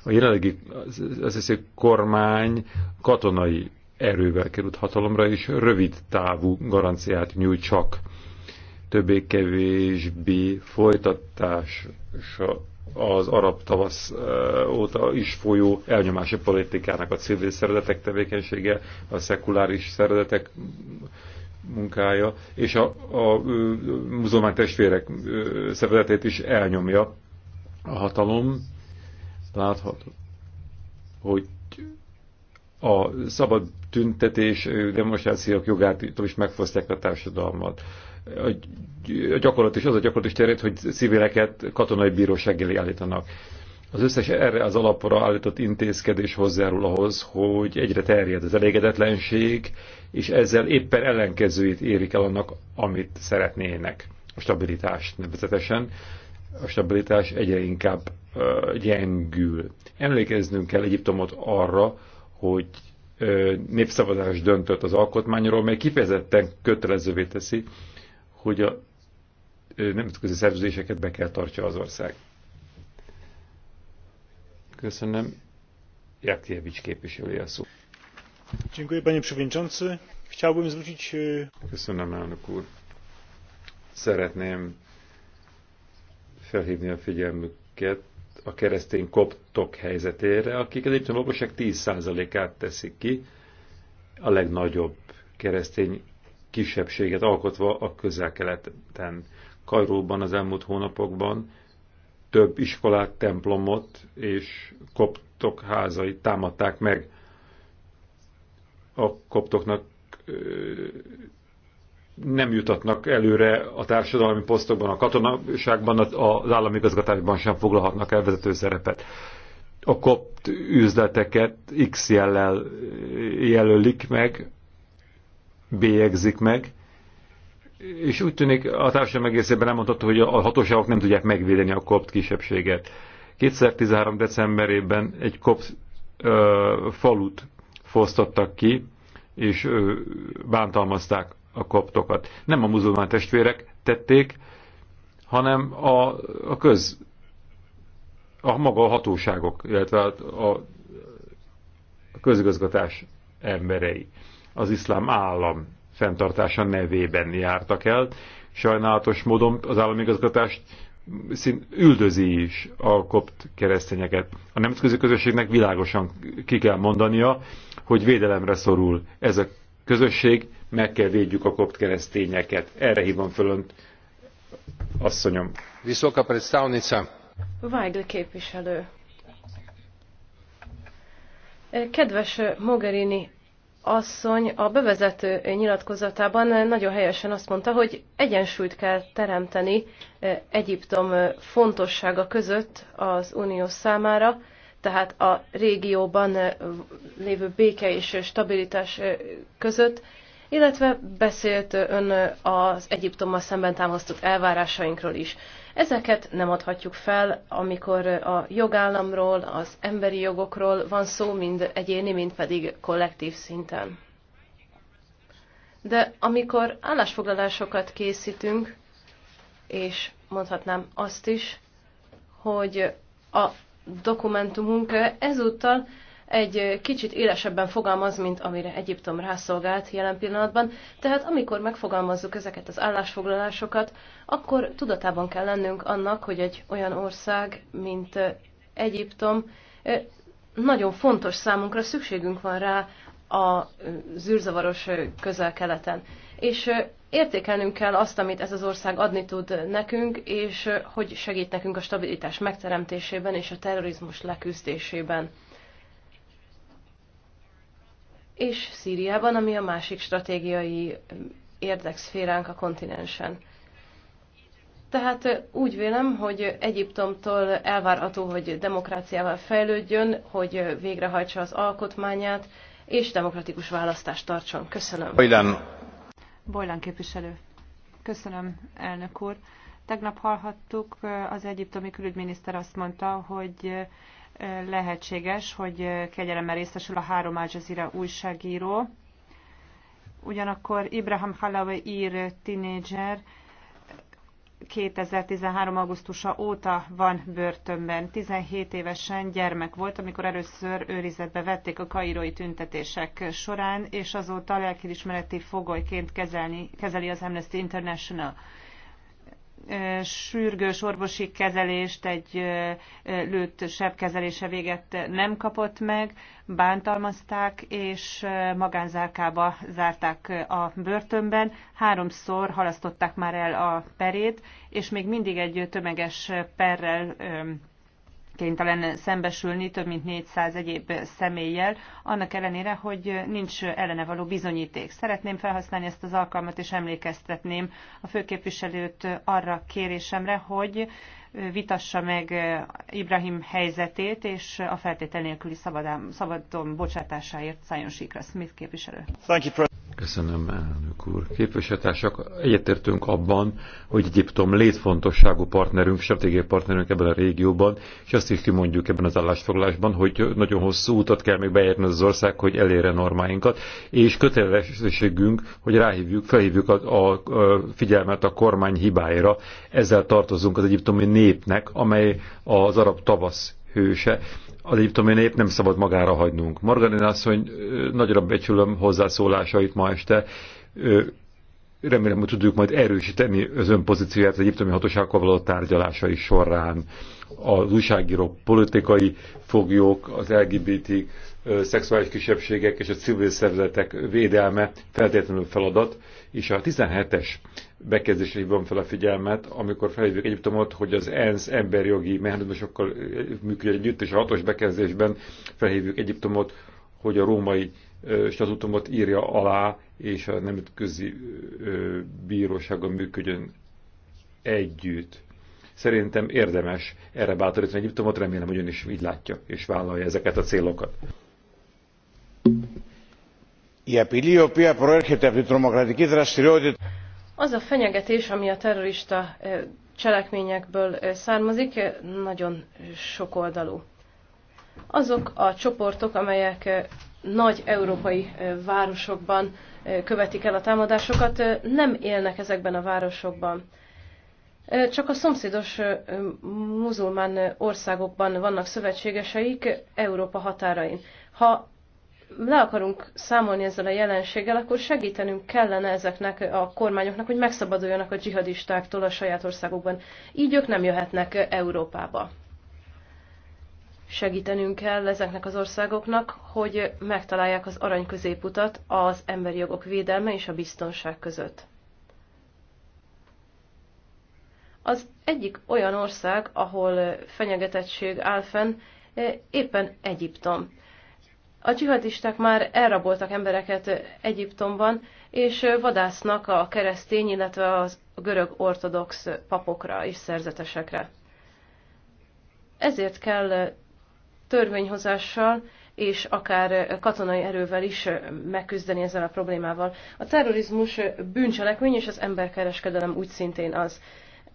a jelenlegi az az kormány katonai erővel került hatalomra, és rövid távú garanciát nyújt csak. Többé-kevésbé folytatása az arab tavasz eh, óta is folyó elnyomási politikának a civil szervezetek tevékenysége, a szekuláris szervezetek munkája, és a, a, a muzulmán testvérek szervezetét is elnyomja a hatalom látható, hogy a szabad tüntetés, demonstrációk jogától is megfosztják a társadalmat. A gyakorlat is az a gyakorlat is terjed, hogy civileket katonai bíróság elé állítanak. Az összes erre az alapra állított intézkedés hozzárul ahhoz, hogy egyre terjed az elégedetlenség, és ezzel éppen ellenkezőjét érik el annak, amit szeretnének, a stabilitást nevezetesen a stabilitás egyre inkább gyengül. Emlékeznünk kell Egyiptomot arra, hogy népszavazás döntött az alkotmányról, mely kifejezetten kötelezővé teszi, hogy a nemzetközi szerződéseket be kell tartsa az ország. Köszönöm. Jakievics képviselője a szó. Dziękuję, panie przewodniczący. Chciałbym zwrócić... E, Köszönöm, elnök úr. Szeretném felhívni a figyelmüket a keresztény koptok helyzetére, akik az egyiptom lakosság 10%-át teszik ki, a legnagyobb keresztény kisebbséget alkotva a közel-keleten. Kajróban az elmúlt hónapokban több iskolát, templomot és koptok házai támadták meg. A koptoknak nem jutatnak előre a társadalmi posztokban, a katonaságban, az államigazgatásban sem foglalhatnak el vezető szerepet. A kopt üzleteket X jellel jelölik meg, bélyegzik meg, és úgy tűnik a társadalom egészében mondható, hogy a hatóságok nem tudják megvédeni a kopt kisebbséget. 2013. decemberében egy kopt ö, falut fosztottak ki, és ö, bántalmazták a koptokat. Nem a muzulmán testvérek tették, hanem a, a köz, a maga a hatóságok, illetve hát a, a közigazgatás emberei az iszlám állam fenntartása nevében jártak el. Sajnálatos módon az államigazgatást szint üldözi is a kopt keresztényeket. A nemzetközi közösségnek világosan ki kell mondania, hogy védelemre szorul ez a közösség, meg kell védjük a kopt keresztényeket. Erre hívom föl önt, asszonyom. Viszoka predstavnica. Weigl képviselő. Kedves Mogherini asszony a bevezető nyilatkozatában nagyon helyesen azt mondta, hogy egyensúlyt kell teremteni Egyiptom fontossága között az unió számára, tehát a régióban lévő béke és stabilitás között, illetve beszélt ön az Egyiptommal szemben támasztott elvárásainkról is. Ezeket nem adhatjuk fel, amikor a jogállamról, az emberi jogokról van szó, mind egyéni, mind pedig kollektív szinten. De amikor állásfoglalásokat készítünk, és mondhatnám azt is, hogy a dokumentumunk ezúttal egy kicsit élesebben fogalmaz, mint amire Egyiptom rászolgált jelen pillanatban. Tehát amikor megfogalmazzuk ezeket az állásfoglalásokat, akkor tudatában kell lennünk annak, hogy egy olyan ország, mint Egyiptom, nagyon fontos számunkra, szükségünk van rá a zűrzavaros közel-keleten. És értékelnünk kell azt, amit ez az ország adni tud nekünk, és hogy segít nekünk a stabilitás megteremtésében és a terrorizmus leküzdésében és Szíriában, ami a másik stratégiai érdekszféránk a kontinensen. Tehát úgy vélem, hogy Egyiptomtól elvárható, hogy demokráciával fejlődjön, hogy végrehajtsa az alkotmányát, és demokratikus választást tartson. Köszönöm. Bojlan. Bojlan képviselő. Köszönöm, elnök úr. Tegnap hallhattuk, az egyiptomi külügyminiszter azt mondta, hogy lehetséges, hogy kegyelemmel részesül a három Al újságíró. Ugyanakkor Ibrahim Halawi ír tinédzser 2013. augusztusa óta van börtönben. 17 évesen gyermek volt, amikor először őrizetbe vették a kairói tüntetések során, és azóta lelkiismereti fogolyként kezelni, kezeli az Amnesty International sürgős orvosi kezelést, egy lőtt sebb kezelése véget nem kapott meg, bántalmazták, és magánzárkába zárták a börtönben. Háromszor halasztották már el a perét, és még mindig egy tömeges perrel kénytelen szembesülni több mint 400 egyéb személlyel, annak ellenére, hogy nincs ellene való bizonyíték. Szeretném felhasználni ezt az alkalmat, és emlékeztetném a főképviselőt arra kérésemre, hogy vitassa meg Ibrahim helyzetét, és a feltétel nélküli szabadám, szabadon bocsátásáért szálljon síkra. Smith képviselő. Köszönöm, elnök úr. Képviselőtársak, egyetértünk abban, hogy Egyiptom létfontosságú partnerünk, stratégiai partnerünk ebben a régióban, és azt is kimondjuk ebben az állásfoglalásban, hogy nagyon hosszú utat kell még beérni az ország, hogy elérje normáinkat, és kötelességünk, hogy ráhívjuk, felhívjuk a, a, a figyelmet a kormány hibáira. Ezzel tartozunk az egyiptomi népnek, amely az arab tavasz hőse. Az egyiptomi nép nem szabad magára hagynunk. Margarina asszony, nagyra becsülöm hozzászólásait ma este. Remélem, hogy tudjuk majd erősíteni az ön pozícióját az egyiptomi hatósággal való tárgyalásai során. Az újságírók, politikai foglyok, az LGBT szexuális kisebbségek és a civil szervezetek védelme feltétlenül feladat, és a 17-es bekezdésre hívom fel a figyelmet, amikor felhívjuk Egyiptomot, hogy az ENSZ emberjogi mechanizmusokkal működik együtt, és a 6-os bekezdésben felhívjuk Egyiptomot, hogy a római statutumot írja alá, és a nemzetközi bírósága működjön együtt szerintem érdemes erre bátorítani Egyiptomot, remélem, hogy ön is így látja és vállalja ezeket a célokat. Az a fenyegetés, ami a terrorista cselekményekből származik, nagyon sokoldalú. Azok a csoportok, amelyek nagy európai városokban követik el a támadásokat, nem élnek ezekben a városokban. Csak a szomszédos muzulmán országokban vannak szövetségeseik Európa határain. Ha le akarunk számolni ezzel a jelenséggel, akkor segítenünk kellene ezeknek a kormányoknak, hogy megszabaduljanak a dzsihadistáktól a saját országukban. Így ők nem jöhetnek Európába. Segítenünk kell ezeknek az országoknak, hogy megtalálják az arany középutat az emberi jogok védelme és a biztonság között. Az egyik olyan ország, ahol fenyegetettség áll fenn, éppen Egyiptom a dzsihadisták már elraboltak embereket Egyiptomban, és vadásznak a keresztény, illetve a görög ortodox papokra és szerzetesekre. Ezért kell törvényhozással és akár katonai erővel is megküzdeni ezzel a problémával. A terrorizmus bűncselekmény és az emberkereskedelem úgy szintén az.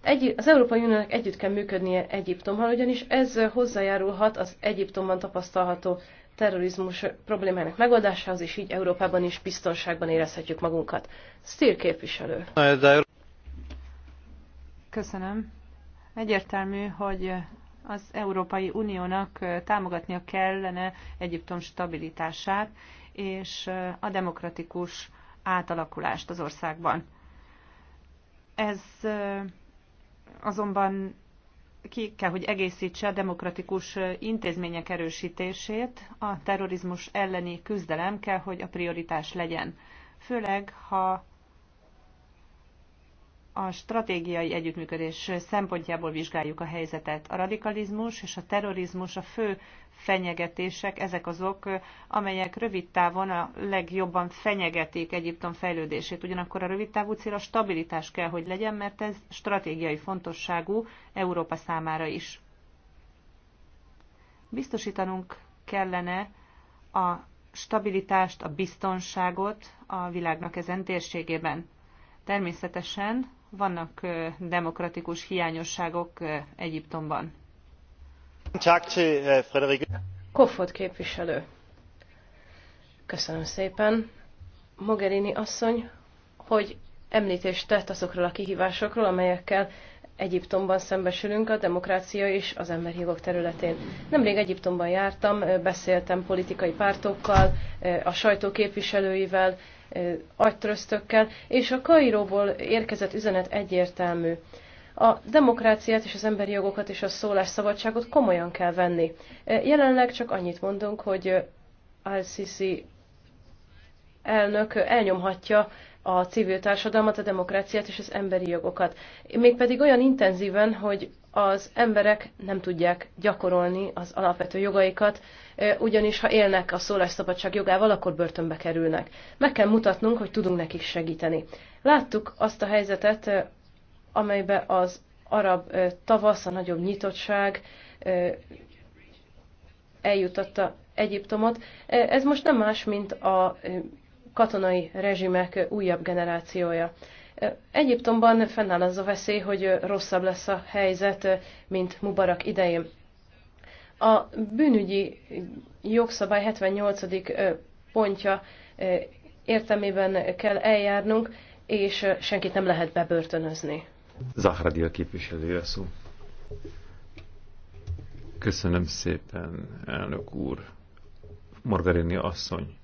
Egy, az Európai Uniónak együtt kell működnie Egyiptommal, ugyanis ez hozzájárulhat az Egyiptomban tapasztalható terrorizmus problémának megoldásához, és így Európában is biztonságban érezhetjük magunkat. Stier képviselő. Köszönöm. Egyértelmű, hogy az Európai Uniónak támogatnia kellene Egyiptom stabilitását és a demokratikus átalakulást az országban. Ez azonban ki kell, hogy egészítse a demokratikus intézmények erősítését, a terrorizmus elleni küzdelem kell, hogy a prioritás legyen. Főleg, ha a stratégiai együttműködés szempontjából vizsgáljuk a helyzetet. A radikalizmus és a terrorizmus a fő fenyegetések, ezek azok, amelyek rövid távon a legjobban fenyegetik Egyiptom fejlődését. Ugyanakkor a rövid távú cél a stabilitás kell, hogy legyen, mert ez stratégiai fontosságú Európa számára is. Biztosítanunk kellene a stabilitást, a biztonságot a világnak ezen térségében. Természetesen vannak demokratikus hiányosságok Egyiptomban. Øh, Koffot képviselő. Köszönöm szépen. Mogherini asszony, hogy említést tett azokról a kihívásokról, amelyekkel Egyiptomban szembesülünk a demokrácia és az emberi jogok területén. Nemrég Egyiptomban jártam, beszéltem politikai pártokkal, a sajtó képviselőivel, agytröztökkel, és a Kairóból érkezett üzenet egyértelmű. A demokráciát és az emberi jogokat és a szólásszabadságot komolyan kell venni. Jelenleg csak annyit mondunk, hogy Al-Sisi elnök elnyomhatja a civil társadalmat, a demokráciát és az emberi jogokat. Mégpedig olyan intenzíven, hogy az emberek nem tudják gyakorolni az alapvető jogaikat, ugyanis ha élnek a szólásszabadság jogával, akkor börtönbe kerülnek. Meg kell mutatnunk, hogy tudunk nekik segíteni. Láttuk azt a helyzetet, amelybe az arab tavasz, a nagyobb nyitottság eljutatta Egyiptomot. Ez most nem más, mint a katonai rezsimek újabb generációja. Egyiptomban fennáll az a veszély, hogy rosszabb lesz a helyzet, mint Mubarak idején. A bűnügyi jogszabály 78. pontja értelmében kell eljárnunk, és senkit nem lehet bebörtönözni. Zahradil képviselőre szó. Köszönöm szépen, elnök úr. Margarini asszony.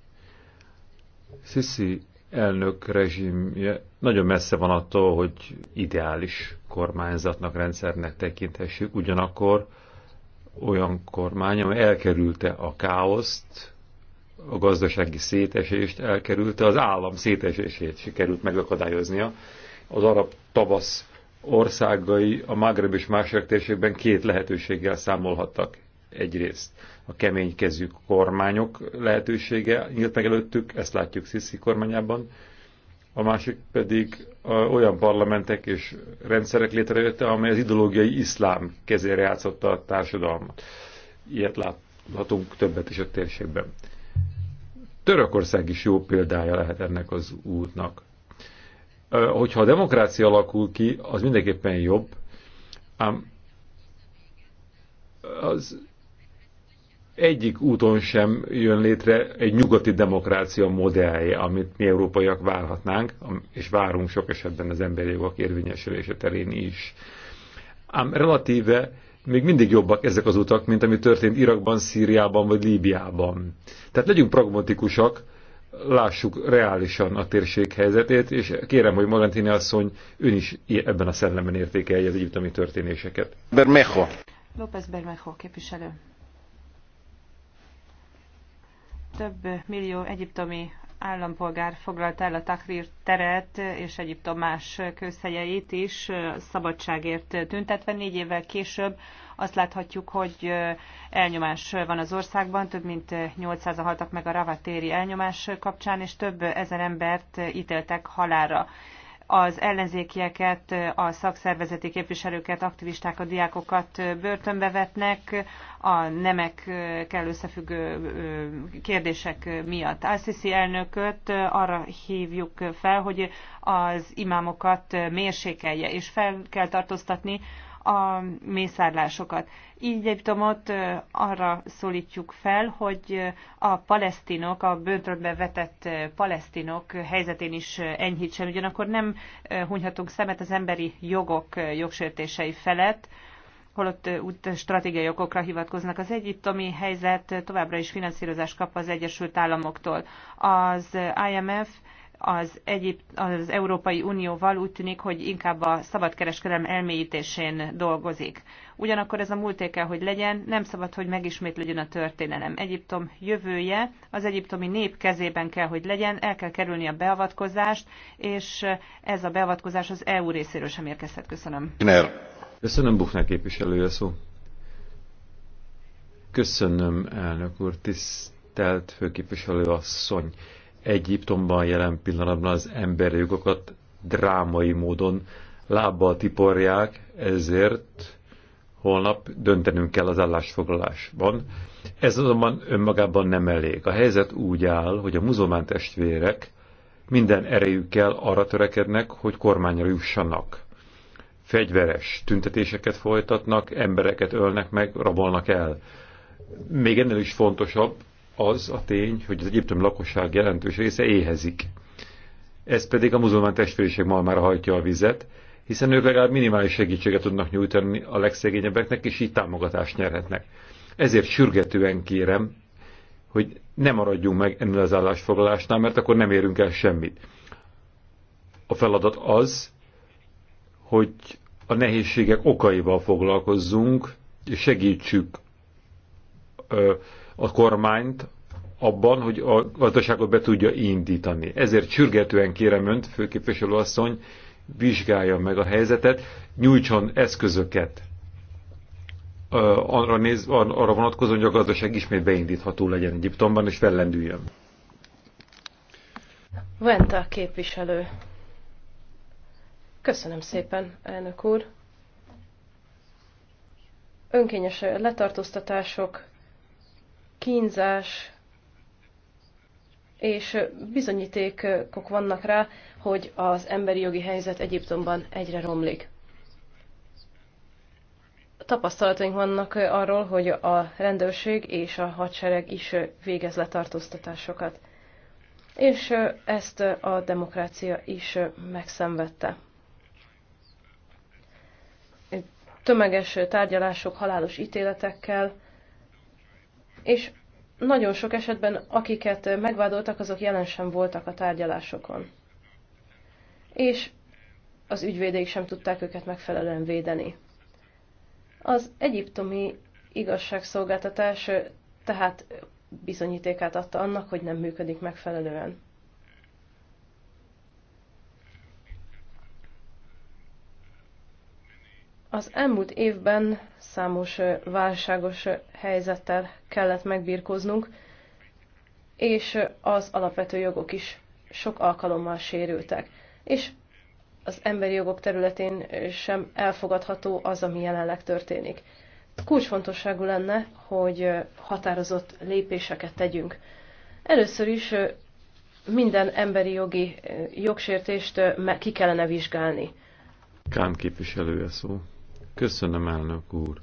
Sisi elnök rezsimje nagyon messze van attól, hogy ideális kormányzatnak, rendszernek tekinthessük, ugyanakkor olyan kormány, amely elkerülte a káoszt, a gazdasági szétesést elkerülte, az állam szétesését sikerült megakadályoznia. Az arab tavasz országai a Magreb és mások térségben két lehetőséggel számolhattak egyrészt a kemény kezű kormányok lehetősége nyílt meg előttük, ezt látjuk Sziszi kormányában, a másik pedig a, olyan parlamentek és rendszerek létrejötte, amely az ideológiai iszlám kezére játszotta a társadalmat. Ilyet láthatunk többet is a térségben. Törökország is jó példája lehet ennek az útnak. Hogyha a demokrácia alakul ki, az mindenképpen jobb, ám az egyik úton sem jön létre egy nyugati demokrácia modellje, amit mi európaiak várhatnánk, és várunk sok esetben az emberi jogok érvényesülése terén is. Ám relatíve még mindig jobbak ezek az utak, mint ami történt Irakban, Szíriában vagy Líbiában. Tehát legyünk pragmatikusak, lássuk reálisan a térség helyzetét, és kérem, hogy Magantini asszony ön is ebben a szellemben értékelje az egyiptomi történéseket. Bermejo. López Bermejo képviselő. Több millió egyiptomi állampolgár foglalt el a Takrir teret és Egyiptom más közhelyeit is szabadságért tüntetve. Négy évvel később azt láthatjuk, hogy elnyomás van az országban, több mint 800 haltak meg a ravatéri elnyomás kapcsán, és több ezer embert ítéltek halára az ellenzékieket, a szakszervezeti képviselőket, aktivistákat, diákokat börtönbe vetnek a nemekkel összefüggő kérdések miatt. Al-Sisi elnököt arra hívjuk fel, hogy az imámokat mérsékelje, és fel kell tartóztatni a mészárlásokat. Így Egyiptomot arra szólítjuk fel, hogy a palesztinok, a bőntről vetett palesztinok helyzetén is enyhítsen. Ugyanakkor nem hunyhatunk szemet az emberi jogok jogsértései felett, holott út stratégiai okokra hivatkoznak. Az egyiptomi helyzet továbbra is finanszírozást kap az Egyesült Államoktól. Az IMF az, egyéb, az Európai Unióval úgy tűnik, hogy inkább a szabadkereskedelem elmélyítésén dolgozik. Ugyanakkor ez a múlté kell, hogy legyen, nem szabad, hogy megismétlődjön a történelem. Egyiptom jövője az egyiptomi nép kezében kell, hogy legyen, el kell kerülni a beavatkozást, és ez a beavatkozás az EU részéről sem érkezhet. Köszönöm. Köszönöm, Buchner képviselője szó. Köszönöm, elnök úr, tisztelt főképviselő asszony. Egyiptomban jelen pillanatban az emberi jogokat drámai módon lábbal tiporják, ezért holnap döntenünk kell az állásfoglalásban. Ez azonban önmagában nem elég. A helyzet úgy áll, hogy a muzulmán testvérek minden erejükkel arra törekednek, hogy kormányra jussanak. Fegyveres tüntetéseket folytatnak, embereket ölnek meg, rabolnak el. Még ennél is fontosabb, az a tény, hogy az egyiptom lakosság jelentős része éhezik. Ez pedig a muzulmán testvériség malmára hajtja a vizet, hiszen ők legalább minimális segítséget tudnak nyújtani a legszegényebbeknek, és így támogatást nyerhetnek. Ezért sürgetően kérem, hogy ne maradjunk meg ennél az állásfoglalásnál, mert akkor nem érünk el semmit. A feladat az, hogy a nehézségek okaival foglalkozzunk, és segítsük a kormányt abban, hogy a gazdaságot be tudja indítani. Ezért csürgetően kérem önt, főképviselő asszony, vizsgálja meg a helyzetet, nyújtson eszközöket arra, néz, arra vonatkozóan, hogy a gazdaság ismét beindítható legyen Egyiptomban, és fellendüljön. Venta képviselő. Köszönöm szépen, elnök úr. Önkényes letartóztatások, kínzás, és bizonyítékok vannak rá, hogy az emberi jogi helyzet Egyiptomban egyre romlik. Tapasztalataink vannak arról, hogy a rendőrség és a hadsereg is végez letartóztatásokat. És ezt a demokrácia is megszenvedte. Tömeges tárgyalások halálos ítéletekkel, és nagyon sok esetben akiket megvádoltak, azok jelen sem voltak a tárgyalásokon. És az ügyvédeik sem tudták őket megfelelően védeni. Az egyiptomi igazságszolgáltatás tehát bizonyítékát adta annak, hogy nem működik megfelelően. Az elmúlt évben számos válságos helyzettel kellett megbírkoznunk, és az alapvető jogok is sok alkalommal sérültek. És az emberi jogok területén sem elfogadható az, ami jelenleg történik. Kulcsfontosságú lenne, hogy határozott lépéseket tegyünk. Először is minden emberi jogi jogsértést ki kellene vizsgálni. Kán képviselője szó. Köszönöm, elnök úr.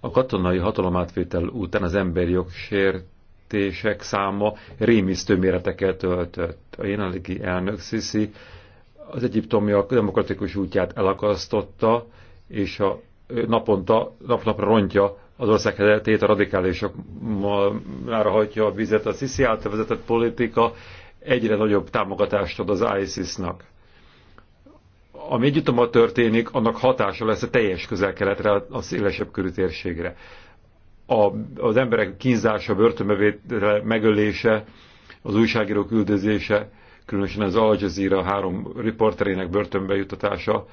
A katonai hatalomátvétel után az emberi jogsértések száma rémisztő méreteket öltött. A jelenlegi elnök Sisi az egyiptomiak demokratikus útját elakasztotta, és a naponta, nap-napra rontja az ország helyetét, a radikálisok mára hagyja a vizet. A Sisi által vezetett politika egyre nagyobb támogatást ad az ISIS-nak ami együttomban történik, annak hatása lesz a teljes közel-keletre, a szélesebb körű térségre. A, az emberek kínzása, börtönbevétele, megölése, az újságírók üldözése, különösen az Al Jazeera három riporterének börtönbe jutatása,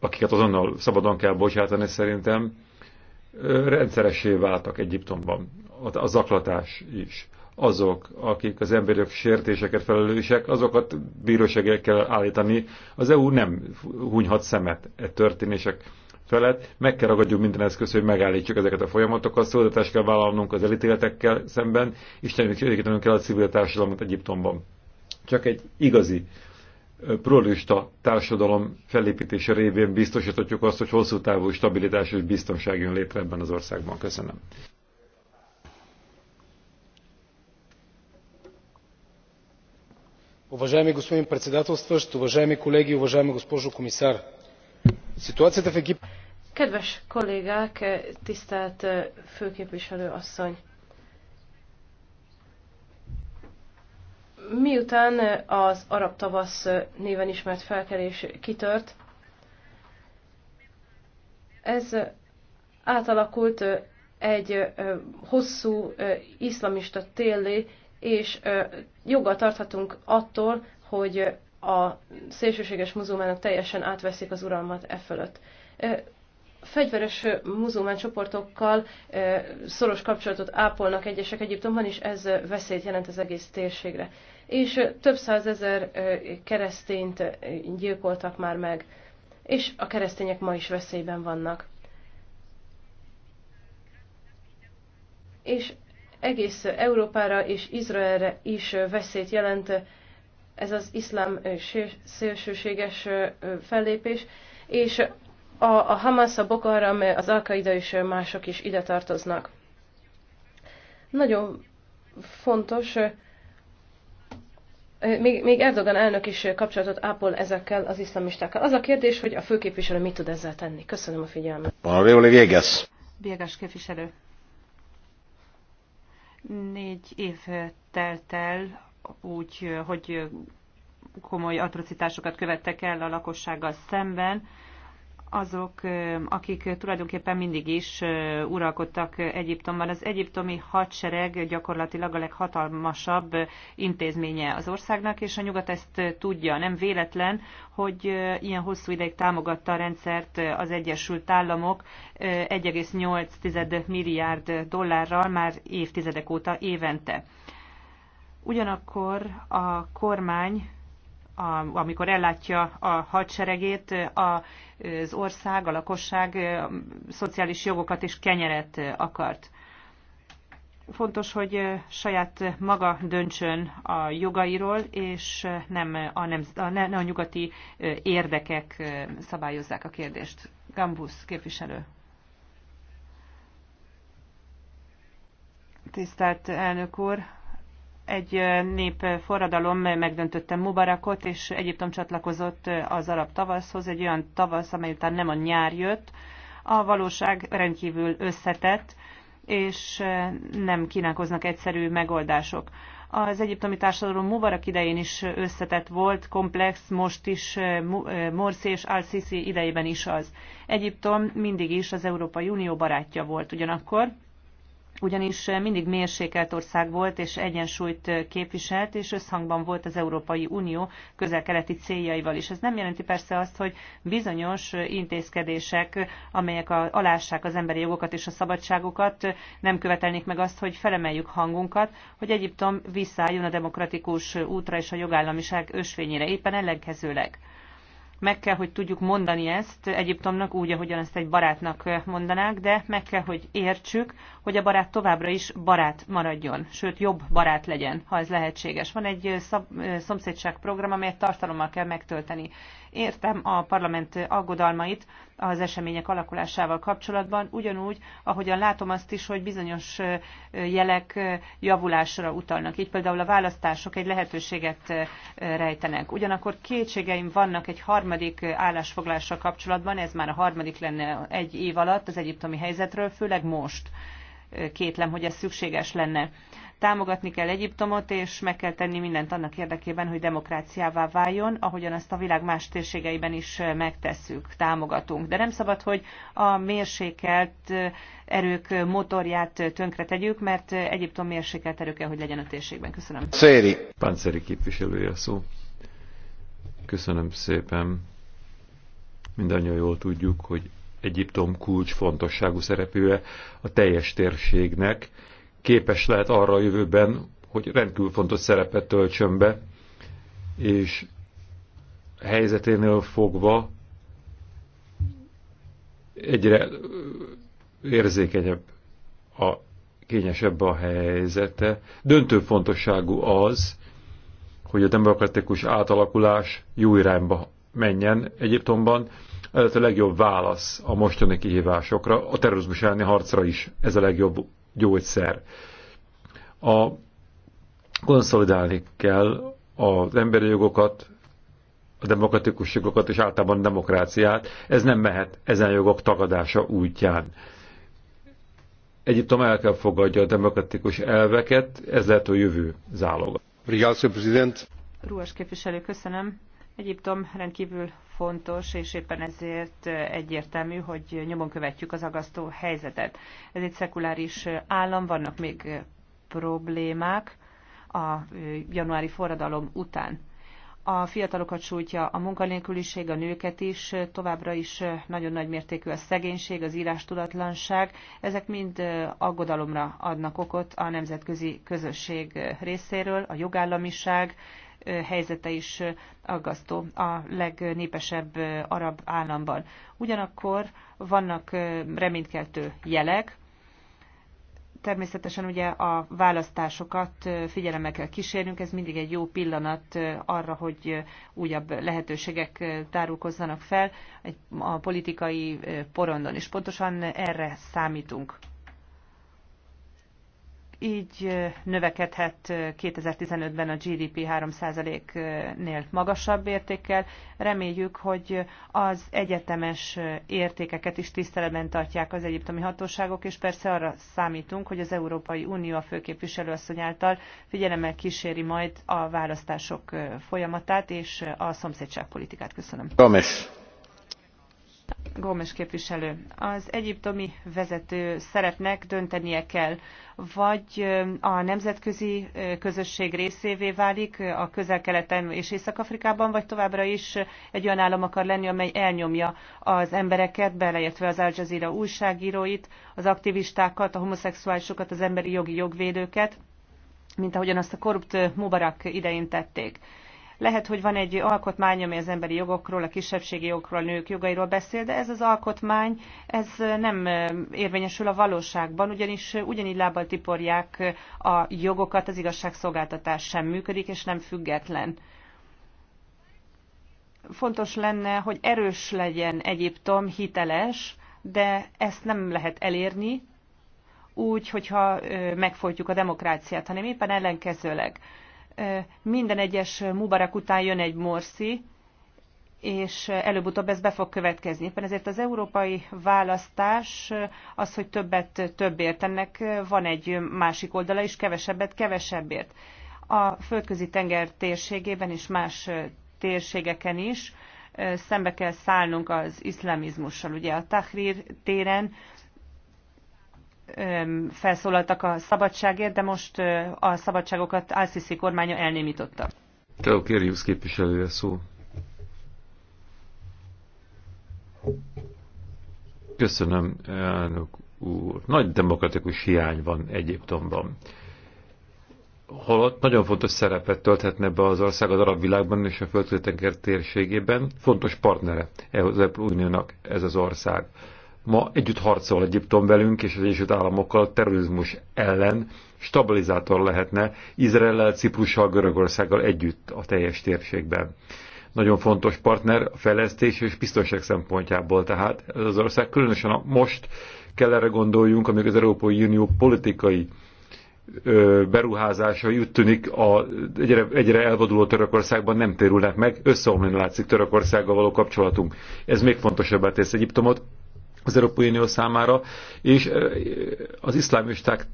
akiket azonnal szabadon kell bocsátani szerintem, rendszeressé váltak Egyiptomban. A zaklatás is azok, akik az emberek sértéseket felelősek, azokat bíróságért kell állítani. Az EU nem hunyhat szemet e történések felett. Meg kell ragadjuk minden eszköz, hogy megállítsuk ezeket a folyamatokat, szolgatást kell vállalnunk az elítéletekkel szemben, és segítenünk kell a civil társadalmat Egyiptomban. Csak egy igazi prolista társadalom felépítése révén biztosíthatjuk azt, hogy hosszú távú stabilitás és biztonság jön létre ebben az országban. Köszönöm. уважаеми господин председателстващ уважаеми колеги уважаема госпожо комисар! ситуацията в египет. kedves kollégák tisztelt főképviselő asszony! miután az arab tavasz néven ismert felkelés kitört ez átalakult egy hosszú iszlamista téllé és joggal tarthatunk attól, hogy a szélsőséges muzulmánok teljesen átveszik az uralmat e fölött fegyveres muzulmán csoportokkal szoros kapcsolatot ápolnak egyesek Egyiptomban, és ez veszélyt jelent az egész térségre. És több százezer keresztényt gyilkoltak már meg, és a keresztények ma is veszélyben vannak. És egész Európára és Izraelre is veszélyt jelent ez az iszlám szélsőséges fellépés, és a, a Hamas, a Boko Haram, az al és mások is ide tartoznak. Nagyon fontos, még, még Erdogan elnök is kapcsolatot ápol ezekkel az iszlamistákkal. Az a kérdés, hogy a főképviselő mit tud ezzel tenni. Köszönöm a figyelmet. Honorable Viegas. Viegas képviselő. Négy év telt el úgy, hogy komoly atrocitásokat követtek el a lakossággal szemben, azok, akik tulajdonképpen mindig is uralkodtak Egyiptomban. Az egyiptomi hadsereg gyakorlatilag a leghatalmasabb intézménye az országnak, és a nyugat ezt tudja. Nem véletlen, hogy ilyen hosszú ideig támogatta a rendszert az Egyesült Államok 1,8 milliárd dollárral már évtizedek óta évente. Ugyanakkor a kormány a, amikor ellátja a hadseregét, a az ország, a lakosság a szociális jogokat és kenyeret akart. Fontos, hogy saját maga döntsön a jogairól, és nem a, nem, a, ne, ne a nyugati érdekek szabályozzák a kérdést. Gambusz képviselő. Tisztelt elnök úr! egy nép forradalom megdöntötte Mubarakot, és Egyiptom csatlakozott az arab tavaszhoz, egy olyan tavasz, amely után nem a nyár jött. A valóság rendkívül összetett, és nem kínálkoznak egyszerű megoldások. Az egyiptomi társadalom Mubarak idején is összetett volt, komplex, most is Morsi és al idejében is az. Egyiptom mindig is az Európai Unió barátja volt ugyanakkor, ugyanis mindig mérsékelt ország volt és egyensúlyt képviselt, és összhangban volt az Európai Unió közelkeleti céljaival is. Ez nem jelenti persze azt, hogy bizonyos intézkedések, amelyek alássák az emberi jogokat és a szabadságokat, nem követelnék meg azt, hogy felemeljük hangunkat, hogy Egyiptom visszálljon a demokratikus útra és a jogállamiság ösvényére, éppen ellenkezőleg. Meg kell, hogy tudjuk mondani ezt Egyiptomnak úgy, ahogyan ezt egy barátnak mondanák, de meg kell, hogy értsük, hogy a barát továbbra is barát maradjon, sőt jobb barát legyen, ha ez lehetséges. Van egy szomszédságprogram, amelyet tartalommal kell megtölteni. Értem a parlament aggodalmait, az események alakulásával kapcsolatban, ugyanúgy, ahogyan látom azt is, hogy bizonyos jelek javulásra utalnak. Így például a választások egy lehetőséget rejtenek. Ugyanakkor kétségeim vannak egy harmadik állásfoglással kapcsolatban, ez már a harmadik lenne egy év alatt az egyiptomi helyzetről, főleg most kétlem, hogy ez szükséges lenne. Támogatni kell Egyiptomot, és meg kell tenni mindent annak érdekében, hogy demokráciává váljon, ahogyan azt a világ más térségeiben is megtesszük, támogatunk. De nem szabad, hogy a mérsékelt erők motorját tönkre tegyük, mert Egyiptom mérsékelt erő kell, hogy legyen a térségben. Köszönöm. Széri. Pánceri képviselője szó. Köszönöm szépen. Mindannyian jól tudjuk, hogy Egyiptom kulcs fontosságú szerepője a teljes térségnek, képes lehet arra a jövőben, hogy rendkívül fontos szerepet töltsön be, és helyzeténél fogva egyre érzékenyebb, a, kényesebb a helyzete. Döntő fontosságú az, hogy a demokratikus átalakulás jó irányba menjen Egyiptomban, ez a legjobb válasz a mostani kihívásokra, a terrorizmus elleni harcra is ez a legjobb gyógyszer. A konszolidálni kell az emberi jogokat, a demokratikus jogokat és általában a demokráciát. Ez nem mehet ezen jogok tagadása útján. Egyiptom el kell fogadja a demokratikus elveket, ez lehet a jövő záloga. Brigálszó Rúas képviselő, köszönöm. Egyiptom rendkívül fontos, és éppen ezért egyértelmű, hogy nyomon követjük az agasztó helyzetet. Ez egy szekuláris állam, vannak még problémák a januári forradalom után. A fiatalokat sújtja a munkanélküliség, a nőket is, továbbra is nagyon nagy mértékű a szegénység, az írástudatlanság. Ezek mind aggodalomra adnak okot a nemzetközi közösség részéről, a jogállamiság, helyzete is aggasztó a legnépesebb arab államban. Ugyanakkor vannak reménykeltő jelek, természetesen ugye a választásokat figyelemmel kell kísérnünk, ez mindig egy jó pillanat arra, hogy újabb lehetőségek tárulkozzanak fel a politikai porondon, és pontosan erre számítunk. Így növekedhet 2015-ben a GDP 3%-nél magasabb értékkel. Reméljük, hogy az egyetemes értékeket is tiszteletben tartják az egyiptomi hatóságok, és persze arra számítunk, hogy az Európai Unió a főképviselőasszony által figyelemmel kíséri majd a választások folyamatát és a szomszédságpolitikát. Köszönöm. Gomes. Gómez képviselő. Az egyiptomi vezető szerepnek döntenie kell, vagy a nemzetközi közösség részévé válik a közel-keleten és Észak-Afrikában, vagy továbbra is egy olyan állam akar lenni, amely elnyomja az embereket, beleértve az Al Jazeera újságíróit, az aktivistákat, a homoszexuálisokat, az emberi jogi jogvédőket, mint ahogyan azt a korrupt Mubarak idején tették lehet, hogy van egy alkotmány, ami az emberi jogokról, a kisebbségi jogokról, a nők jogairól beszél, de ez az alkotmány ez nem érvényesül a valóságban, ugyanis ugyanígy lábbal tiporják a jogokat, az igazságszolgáltatás sem működik, és nem független fontos lenne, hogy erős legyen Egyiptom, hiteles, de ezt nem lehet elérni úgy, hogyha megfojtjuk a demokráciát, hanem éppen ellenkezőleg minden egyes Mubarak után jön egy Morsi, és előbb-utóbb ez be fog következni. Éppen ezért az európai választás az, hogy többet többért, ennek van egy másik oldala is, kevesebbet kevesebbért. A földközi tenger térségében és más térségeken is szembe kell szállnunk az iszlamizmussal. Ugye a Tahrir téren felszólaltak a szabadságért, de most a szabadságokat ICC kormánya elnémította. Teo Kérius képviselője szó. Köszönöm, elnök úr. Nagy demokratikus hiány van Egyiptomban. Holott nagyon fontos szerepet tölthetne be az ország az arab világban és a földközi térségében. Fontos partnere az Uniónak ez az ország ma együtt harcol Egyiptom velünk és az Egyesült Államokkal terrorizmus ellen, stabilizátor lehetne Izraellel, Ciprussal, Görögországgal együtt a teljes térségben. Nagyon fontos partner a fejlesztés és biztonság szempontjából, tehát ez az ország különösen a most kell erre gondoljunk, amíg az Európai Unió politikai beruházása úgy tűnik a egyre, egyre elvaduló Törökországban nem térülnek meg, összeomlani látszik Törökországgal való kapcsolatunk. Ez még fontosabbá tesz Egyiptomot, az Európai Unió számára, és az iszlámisták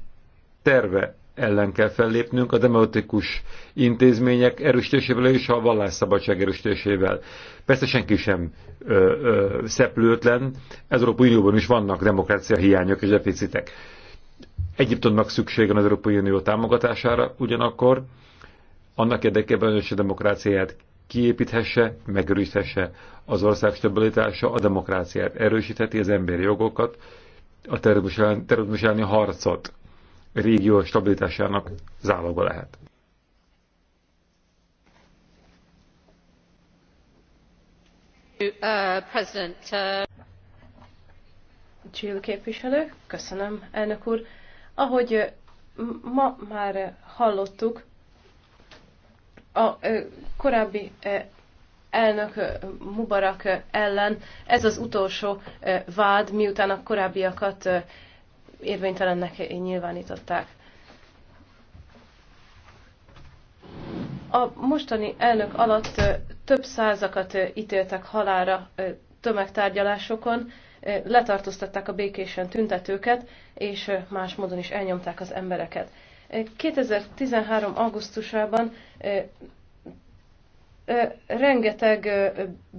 terve ellen kell fellépnünk a demokratikus intézmények erősítésével és a vallásszabadság erősítésével. Persze senki sem ö, ö, szeplőtlen, Európai Unióban is vannak demokrácia hiányok és deficitek. Egyiptomnak szüksége az Európai Unió támogatására ugyanakkor, annak érdekében, hogy a demokráciáját kiépíthesse, megerősíthesse az ország stabilitása, a demokráciát erősítheti, az emberi jogokat, a terrorizmus elleni harcot régió stabilitásának záloga lehet. Uh, uh, Jill képviselő, köszönöm, elnök úr. Ahogy ma már hallottuk, a korábbi elnök Mubarak ellen ez az utolsó vád, miután a korábbiakat érvénytelennek nyilvánították. A mostani elnök alatt több százakat ítéltek halára tömegtárgyalásokon, letartóztatták a békésen tüntetőket, és más módon is elnyomták az embereket. 2013. augusztusában rengeteg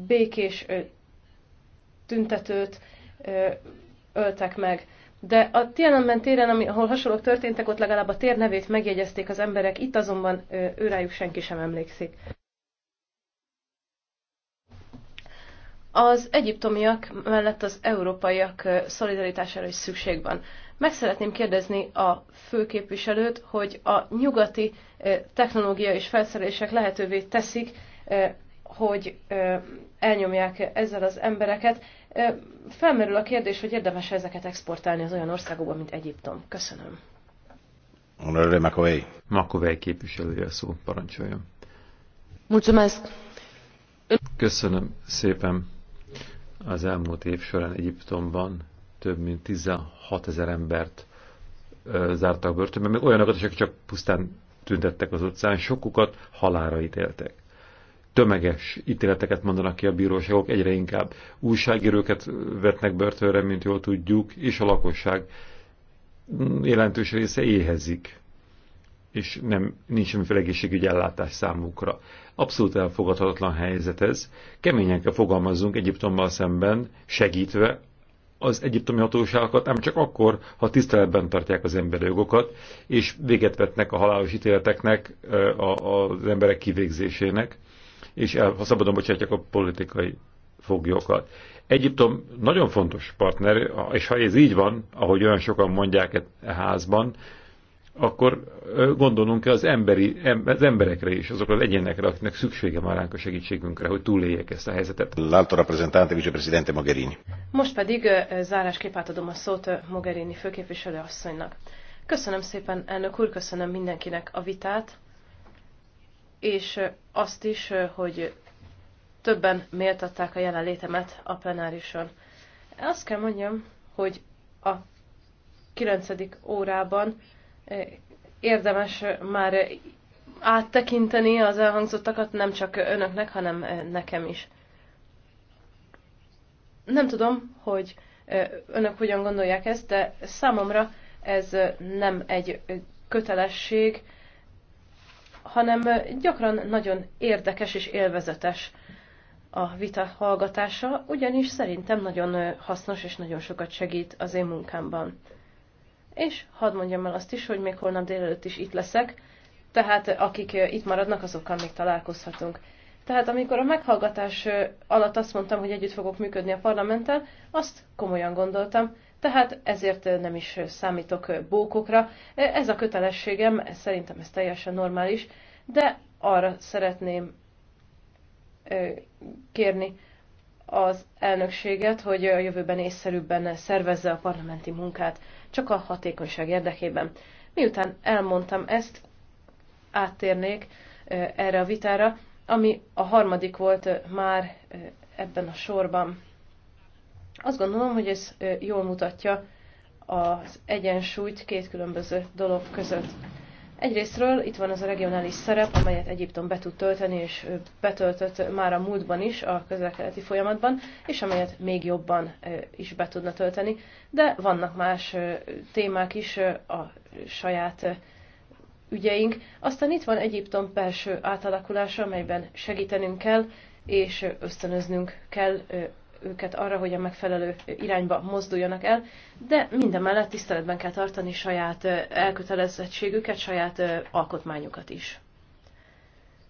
békés tüntetőt öltek meg. De a Tiananmen téren, ami, ahol hasonlók történtek, ott legalább a tér nevét megjegyezték az emberek, itt azonban őrájuk senki sem emlékszik. Az egyiptomiak mellett az európaiak szolidaritására is szükség van. Meg szeretném kérdezni a főképviselőt, hogy a nyugati technológia és felszerelések lehetővé teszik, hogy elnyomják ezzel az embereket. Felmerül a kérdés, hogy érdemes -e ezeket exportálni az olyan országokba, mint Egyiptom. Köszönöm. Honorable Makovei. Makovei képviselője szó, parancsoljon. Mulțumesc. Köszönöm szépen. Az elmúlt év során Egyiptomban több mint 16 ezer embert ö, zártak börtönbe, még olyanokat, akik csak pusztán tüntettek az utcán, sokukat halára ítéltek. Tömeges ítéleteket mondanak ki a bíróságok, egyre inkább újságírőket vetnek börtönre, mint jól tudjuk, és a lakosság jelentős része éhezik és nem, nincs semmiféle egészségügyi ellátás számukra. Abszolút elfogadhatatlan helyzet ez. Keményen kell fogalmazzunk Egyiptommal szemben, segítve az egyiptomi hatóságokat, nem csak akkor, ha tiszteletben tartják az emberi jogokat, és véget vetnek a halálos ítéleteknek, az emberek kivégzésének, és el, ha szabadon bocsátják a politikai foglyokat. Egyiptom nagyon fontos partner, és ha ez így van, ahogy olyan sokan mondják e, e házban, akkor gondolunk kell az, emberi, az emberekre is, azokra az egyénekre, akiknek szüksége van ránk a segítségünkre, hogy túléljék ezt a helyzetet. L'alto rappresentante, viceprezidente Mogherini. Most pedig zárásképp átadom a szót Mogherini főképviselő asszonynak. Köszönöm szépen, elnök úr, köszönöm mindenkinek a vitát, és azt is, hogy többen méltatták a jelenlétemet a plenárison. Azt kell mondjam, hogy a 9. órában érdemes már áttekinteni az elhangzottakat, nem csak önöknek, hanem eh, nekem is. Nem tudom, hogy eh, önök hogyan gondolják ezt, de számomra ez eh, nem egy kötelesség, hanem gyakran nagyon érdekes és élvezetes a vita hallgatása, ugyanis szerintem nagyon hasznos és nagyon sokat segít az én munkámban és hadd mondjam el azt is, hogy még holnap délelőtt is itt leszek, tehát akik itt maradnak, azokkal még találkozhatunk. Tehát amikor a meghallgatás alatt azt mondtam, hogy együtt fogok működni a parlamenttel, azt komolyan gondoltam, tehát ezért nem is számítok bókokra. Ez a kötelességem, szerintem ez teljesen normális, de arra szeretném kérni az elnökséget, hogy a jövőben észszerűbben szervezze a parlamenti munkát, csak a hatékonyság érdekében. Miután elmondtam ezt, áttérnék erre a vitára, ami a harmadik volt már ebben a sorban. Azt gondolom, hogy ez jól mutatja az egyensúlyt két különböző dolog között. Egyrésztről itt van az a regionális szerep, amelyet Egyiptom be tud tölteni, és betöltött már a múltban is a közelkeleti folyamatban, és amelyet még jobban is be tudna tölteni, de vannak más témák is a saját ügyeink. Aztán itt van Egyiptom belső átalakulása, amelyben segítenünk kell, és ösztönöznünk kell őket arra, hogy a megfelelő irányba mozduljanak el, de minden mellett tiszteletben kell tartani saját elkötelezettségüket, saját alkotmányukat is.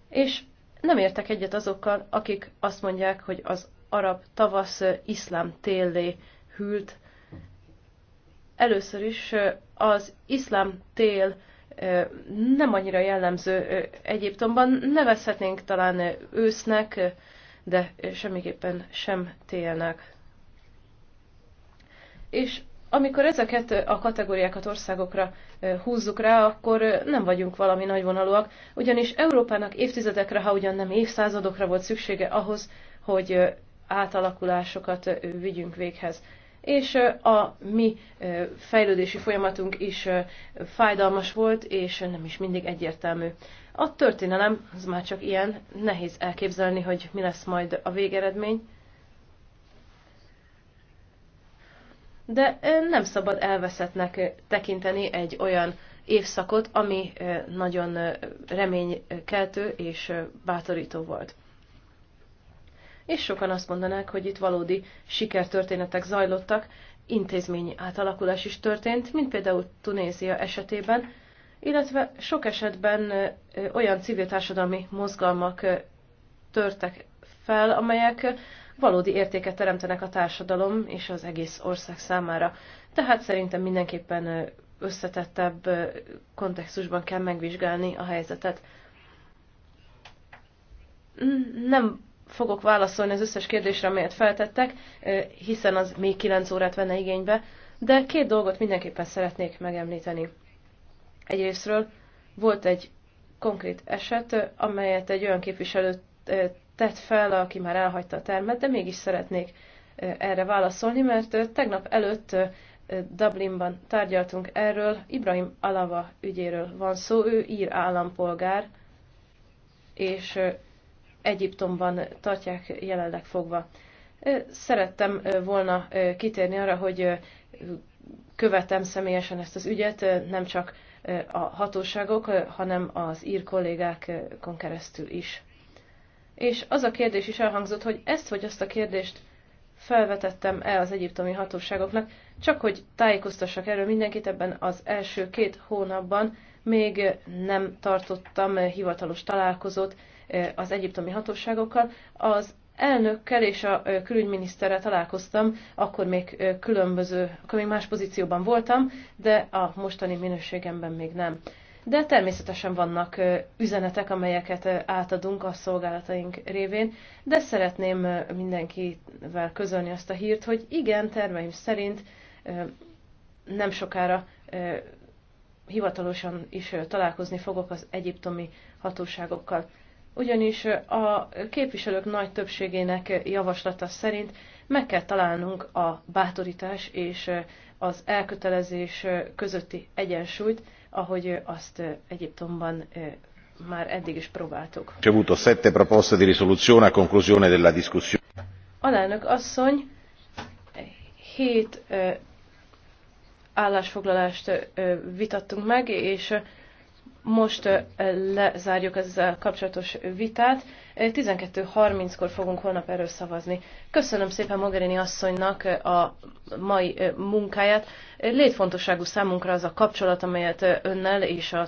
És nem értek egyet azokkal, akik azt mondják, hogy az arab tavasz iszlám téllé hűlt. Először is az iszlám tél nem annyira jellemző Egyiptomban. Nevezhetnénk talán ősznek, de semmiképpen sem télnek. És amikor ezeket a kategóriákat országokra húzzuk rá, akkor nem vagyunk valami nagyvonalúak, ugyanis Európának évtizedekre, ha ugyan nem évszázadokra volt szüksége ahhoz, hogy átalakulásokat vigyünk véghez. És a mi fejlődési folyamatunk is fájdalmas volt, és nem is mindig egyértelmű. A történelem az már csak ilyen, nehéz elképzelni, hogy mi lesz majd a végeredmény. De nem szabad elveszettnek tekinteni egy olyan évszakot, ami nagyon reménykeltő és bátorító volt. És sokan azt mondanák, hogy itt valódi sikertörténetek zajlottak, intézményi átalakulás is történt, mint például Tunézia esetében, illetve sok esetben olyan civil társadalmi mozgalmak törtek fel, amelyek valódi értéket teremtenek a társadalom és az egész ország számára. Tehát szerintem mindenképpen összetettebb kontextusban kell megvizsgálni a helyzetet. Nem fogok válaszolni az összes kérdésre, amelyet feltettek, hiszen az még 9 órát venne igénybe, de két dolgot mindenképpen szeretnék megemlíteni. Egyrésztről volt egy konkrét eset, amelyet egy olyan képviselő tett fel, aki már elhagyta a termet, de mégis szeretnék erre válaszolni, mert tegnap előtt Dublinban tárgyaltunk erről, Ibrahim Alava ügyéről van szó, ő ír állampolgár, és Egyiptomban tartják jelenleg fogva. Szerettem volna kitérni arra, hogy követem személyesen ezt az ügyet, nem csak a hatóságok, hanem az ír kollégákon keresztül is. És az a kérdés is elhangzott, hogy ezt vagy azt a kérdést felvetettem el az egyiptomi hatóságoknak, csak hogy tájékoztassak erről mindenkit, ebben az első két hónapban még nem tartottam hivatalos találkozót az egyiptomi hatóságokkal. Az elnökkel és a külügyminiszterrel találkoztam, akkor még különböző, akkor még más pozícióban voltam, de a mostani minőségemben még nem. De természetesen vannak üzenetek, amelyeket átadunk a szolgálataink révén, de szeretném mindenkivel közölni azt a hírt, hogy igen, terveim szerint nem sokára hivatalosan is találkozni fogok az egyiptomi hatóságokkal ugyanis a képviselők nagy többségének javaslata szerint meg kell találnunk a bátorítás és az elkötelezés közötti egyensúlyt, ahogy azt Egyiptomban már eddig is próbáltuk. sette proposte di risoluzione a conclusione della discussione. Alelnök asszony hét állásfoglalást vitattunk meg, és most lezárjuk ezzel kapcsolatos vitát. 12.30-kor fogunk holnap erről szavazni. Köszönöm szépen Mogherini asszonynak a mai munkáját. Létfontosságú számunkra az a kapcsolat, amelyet önnel és a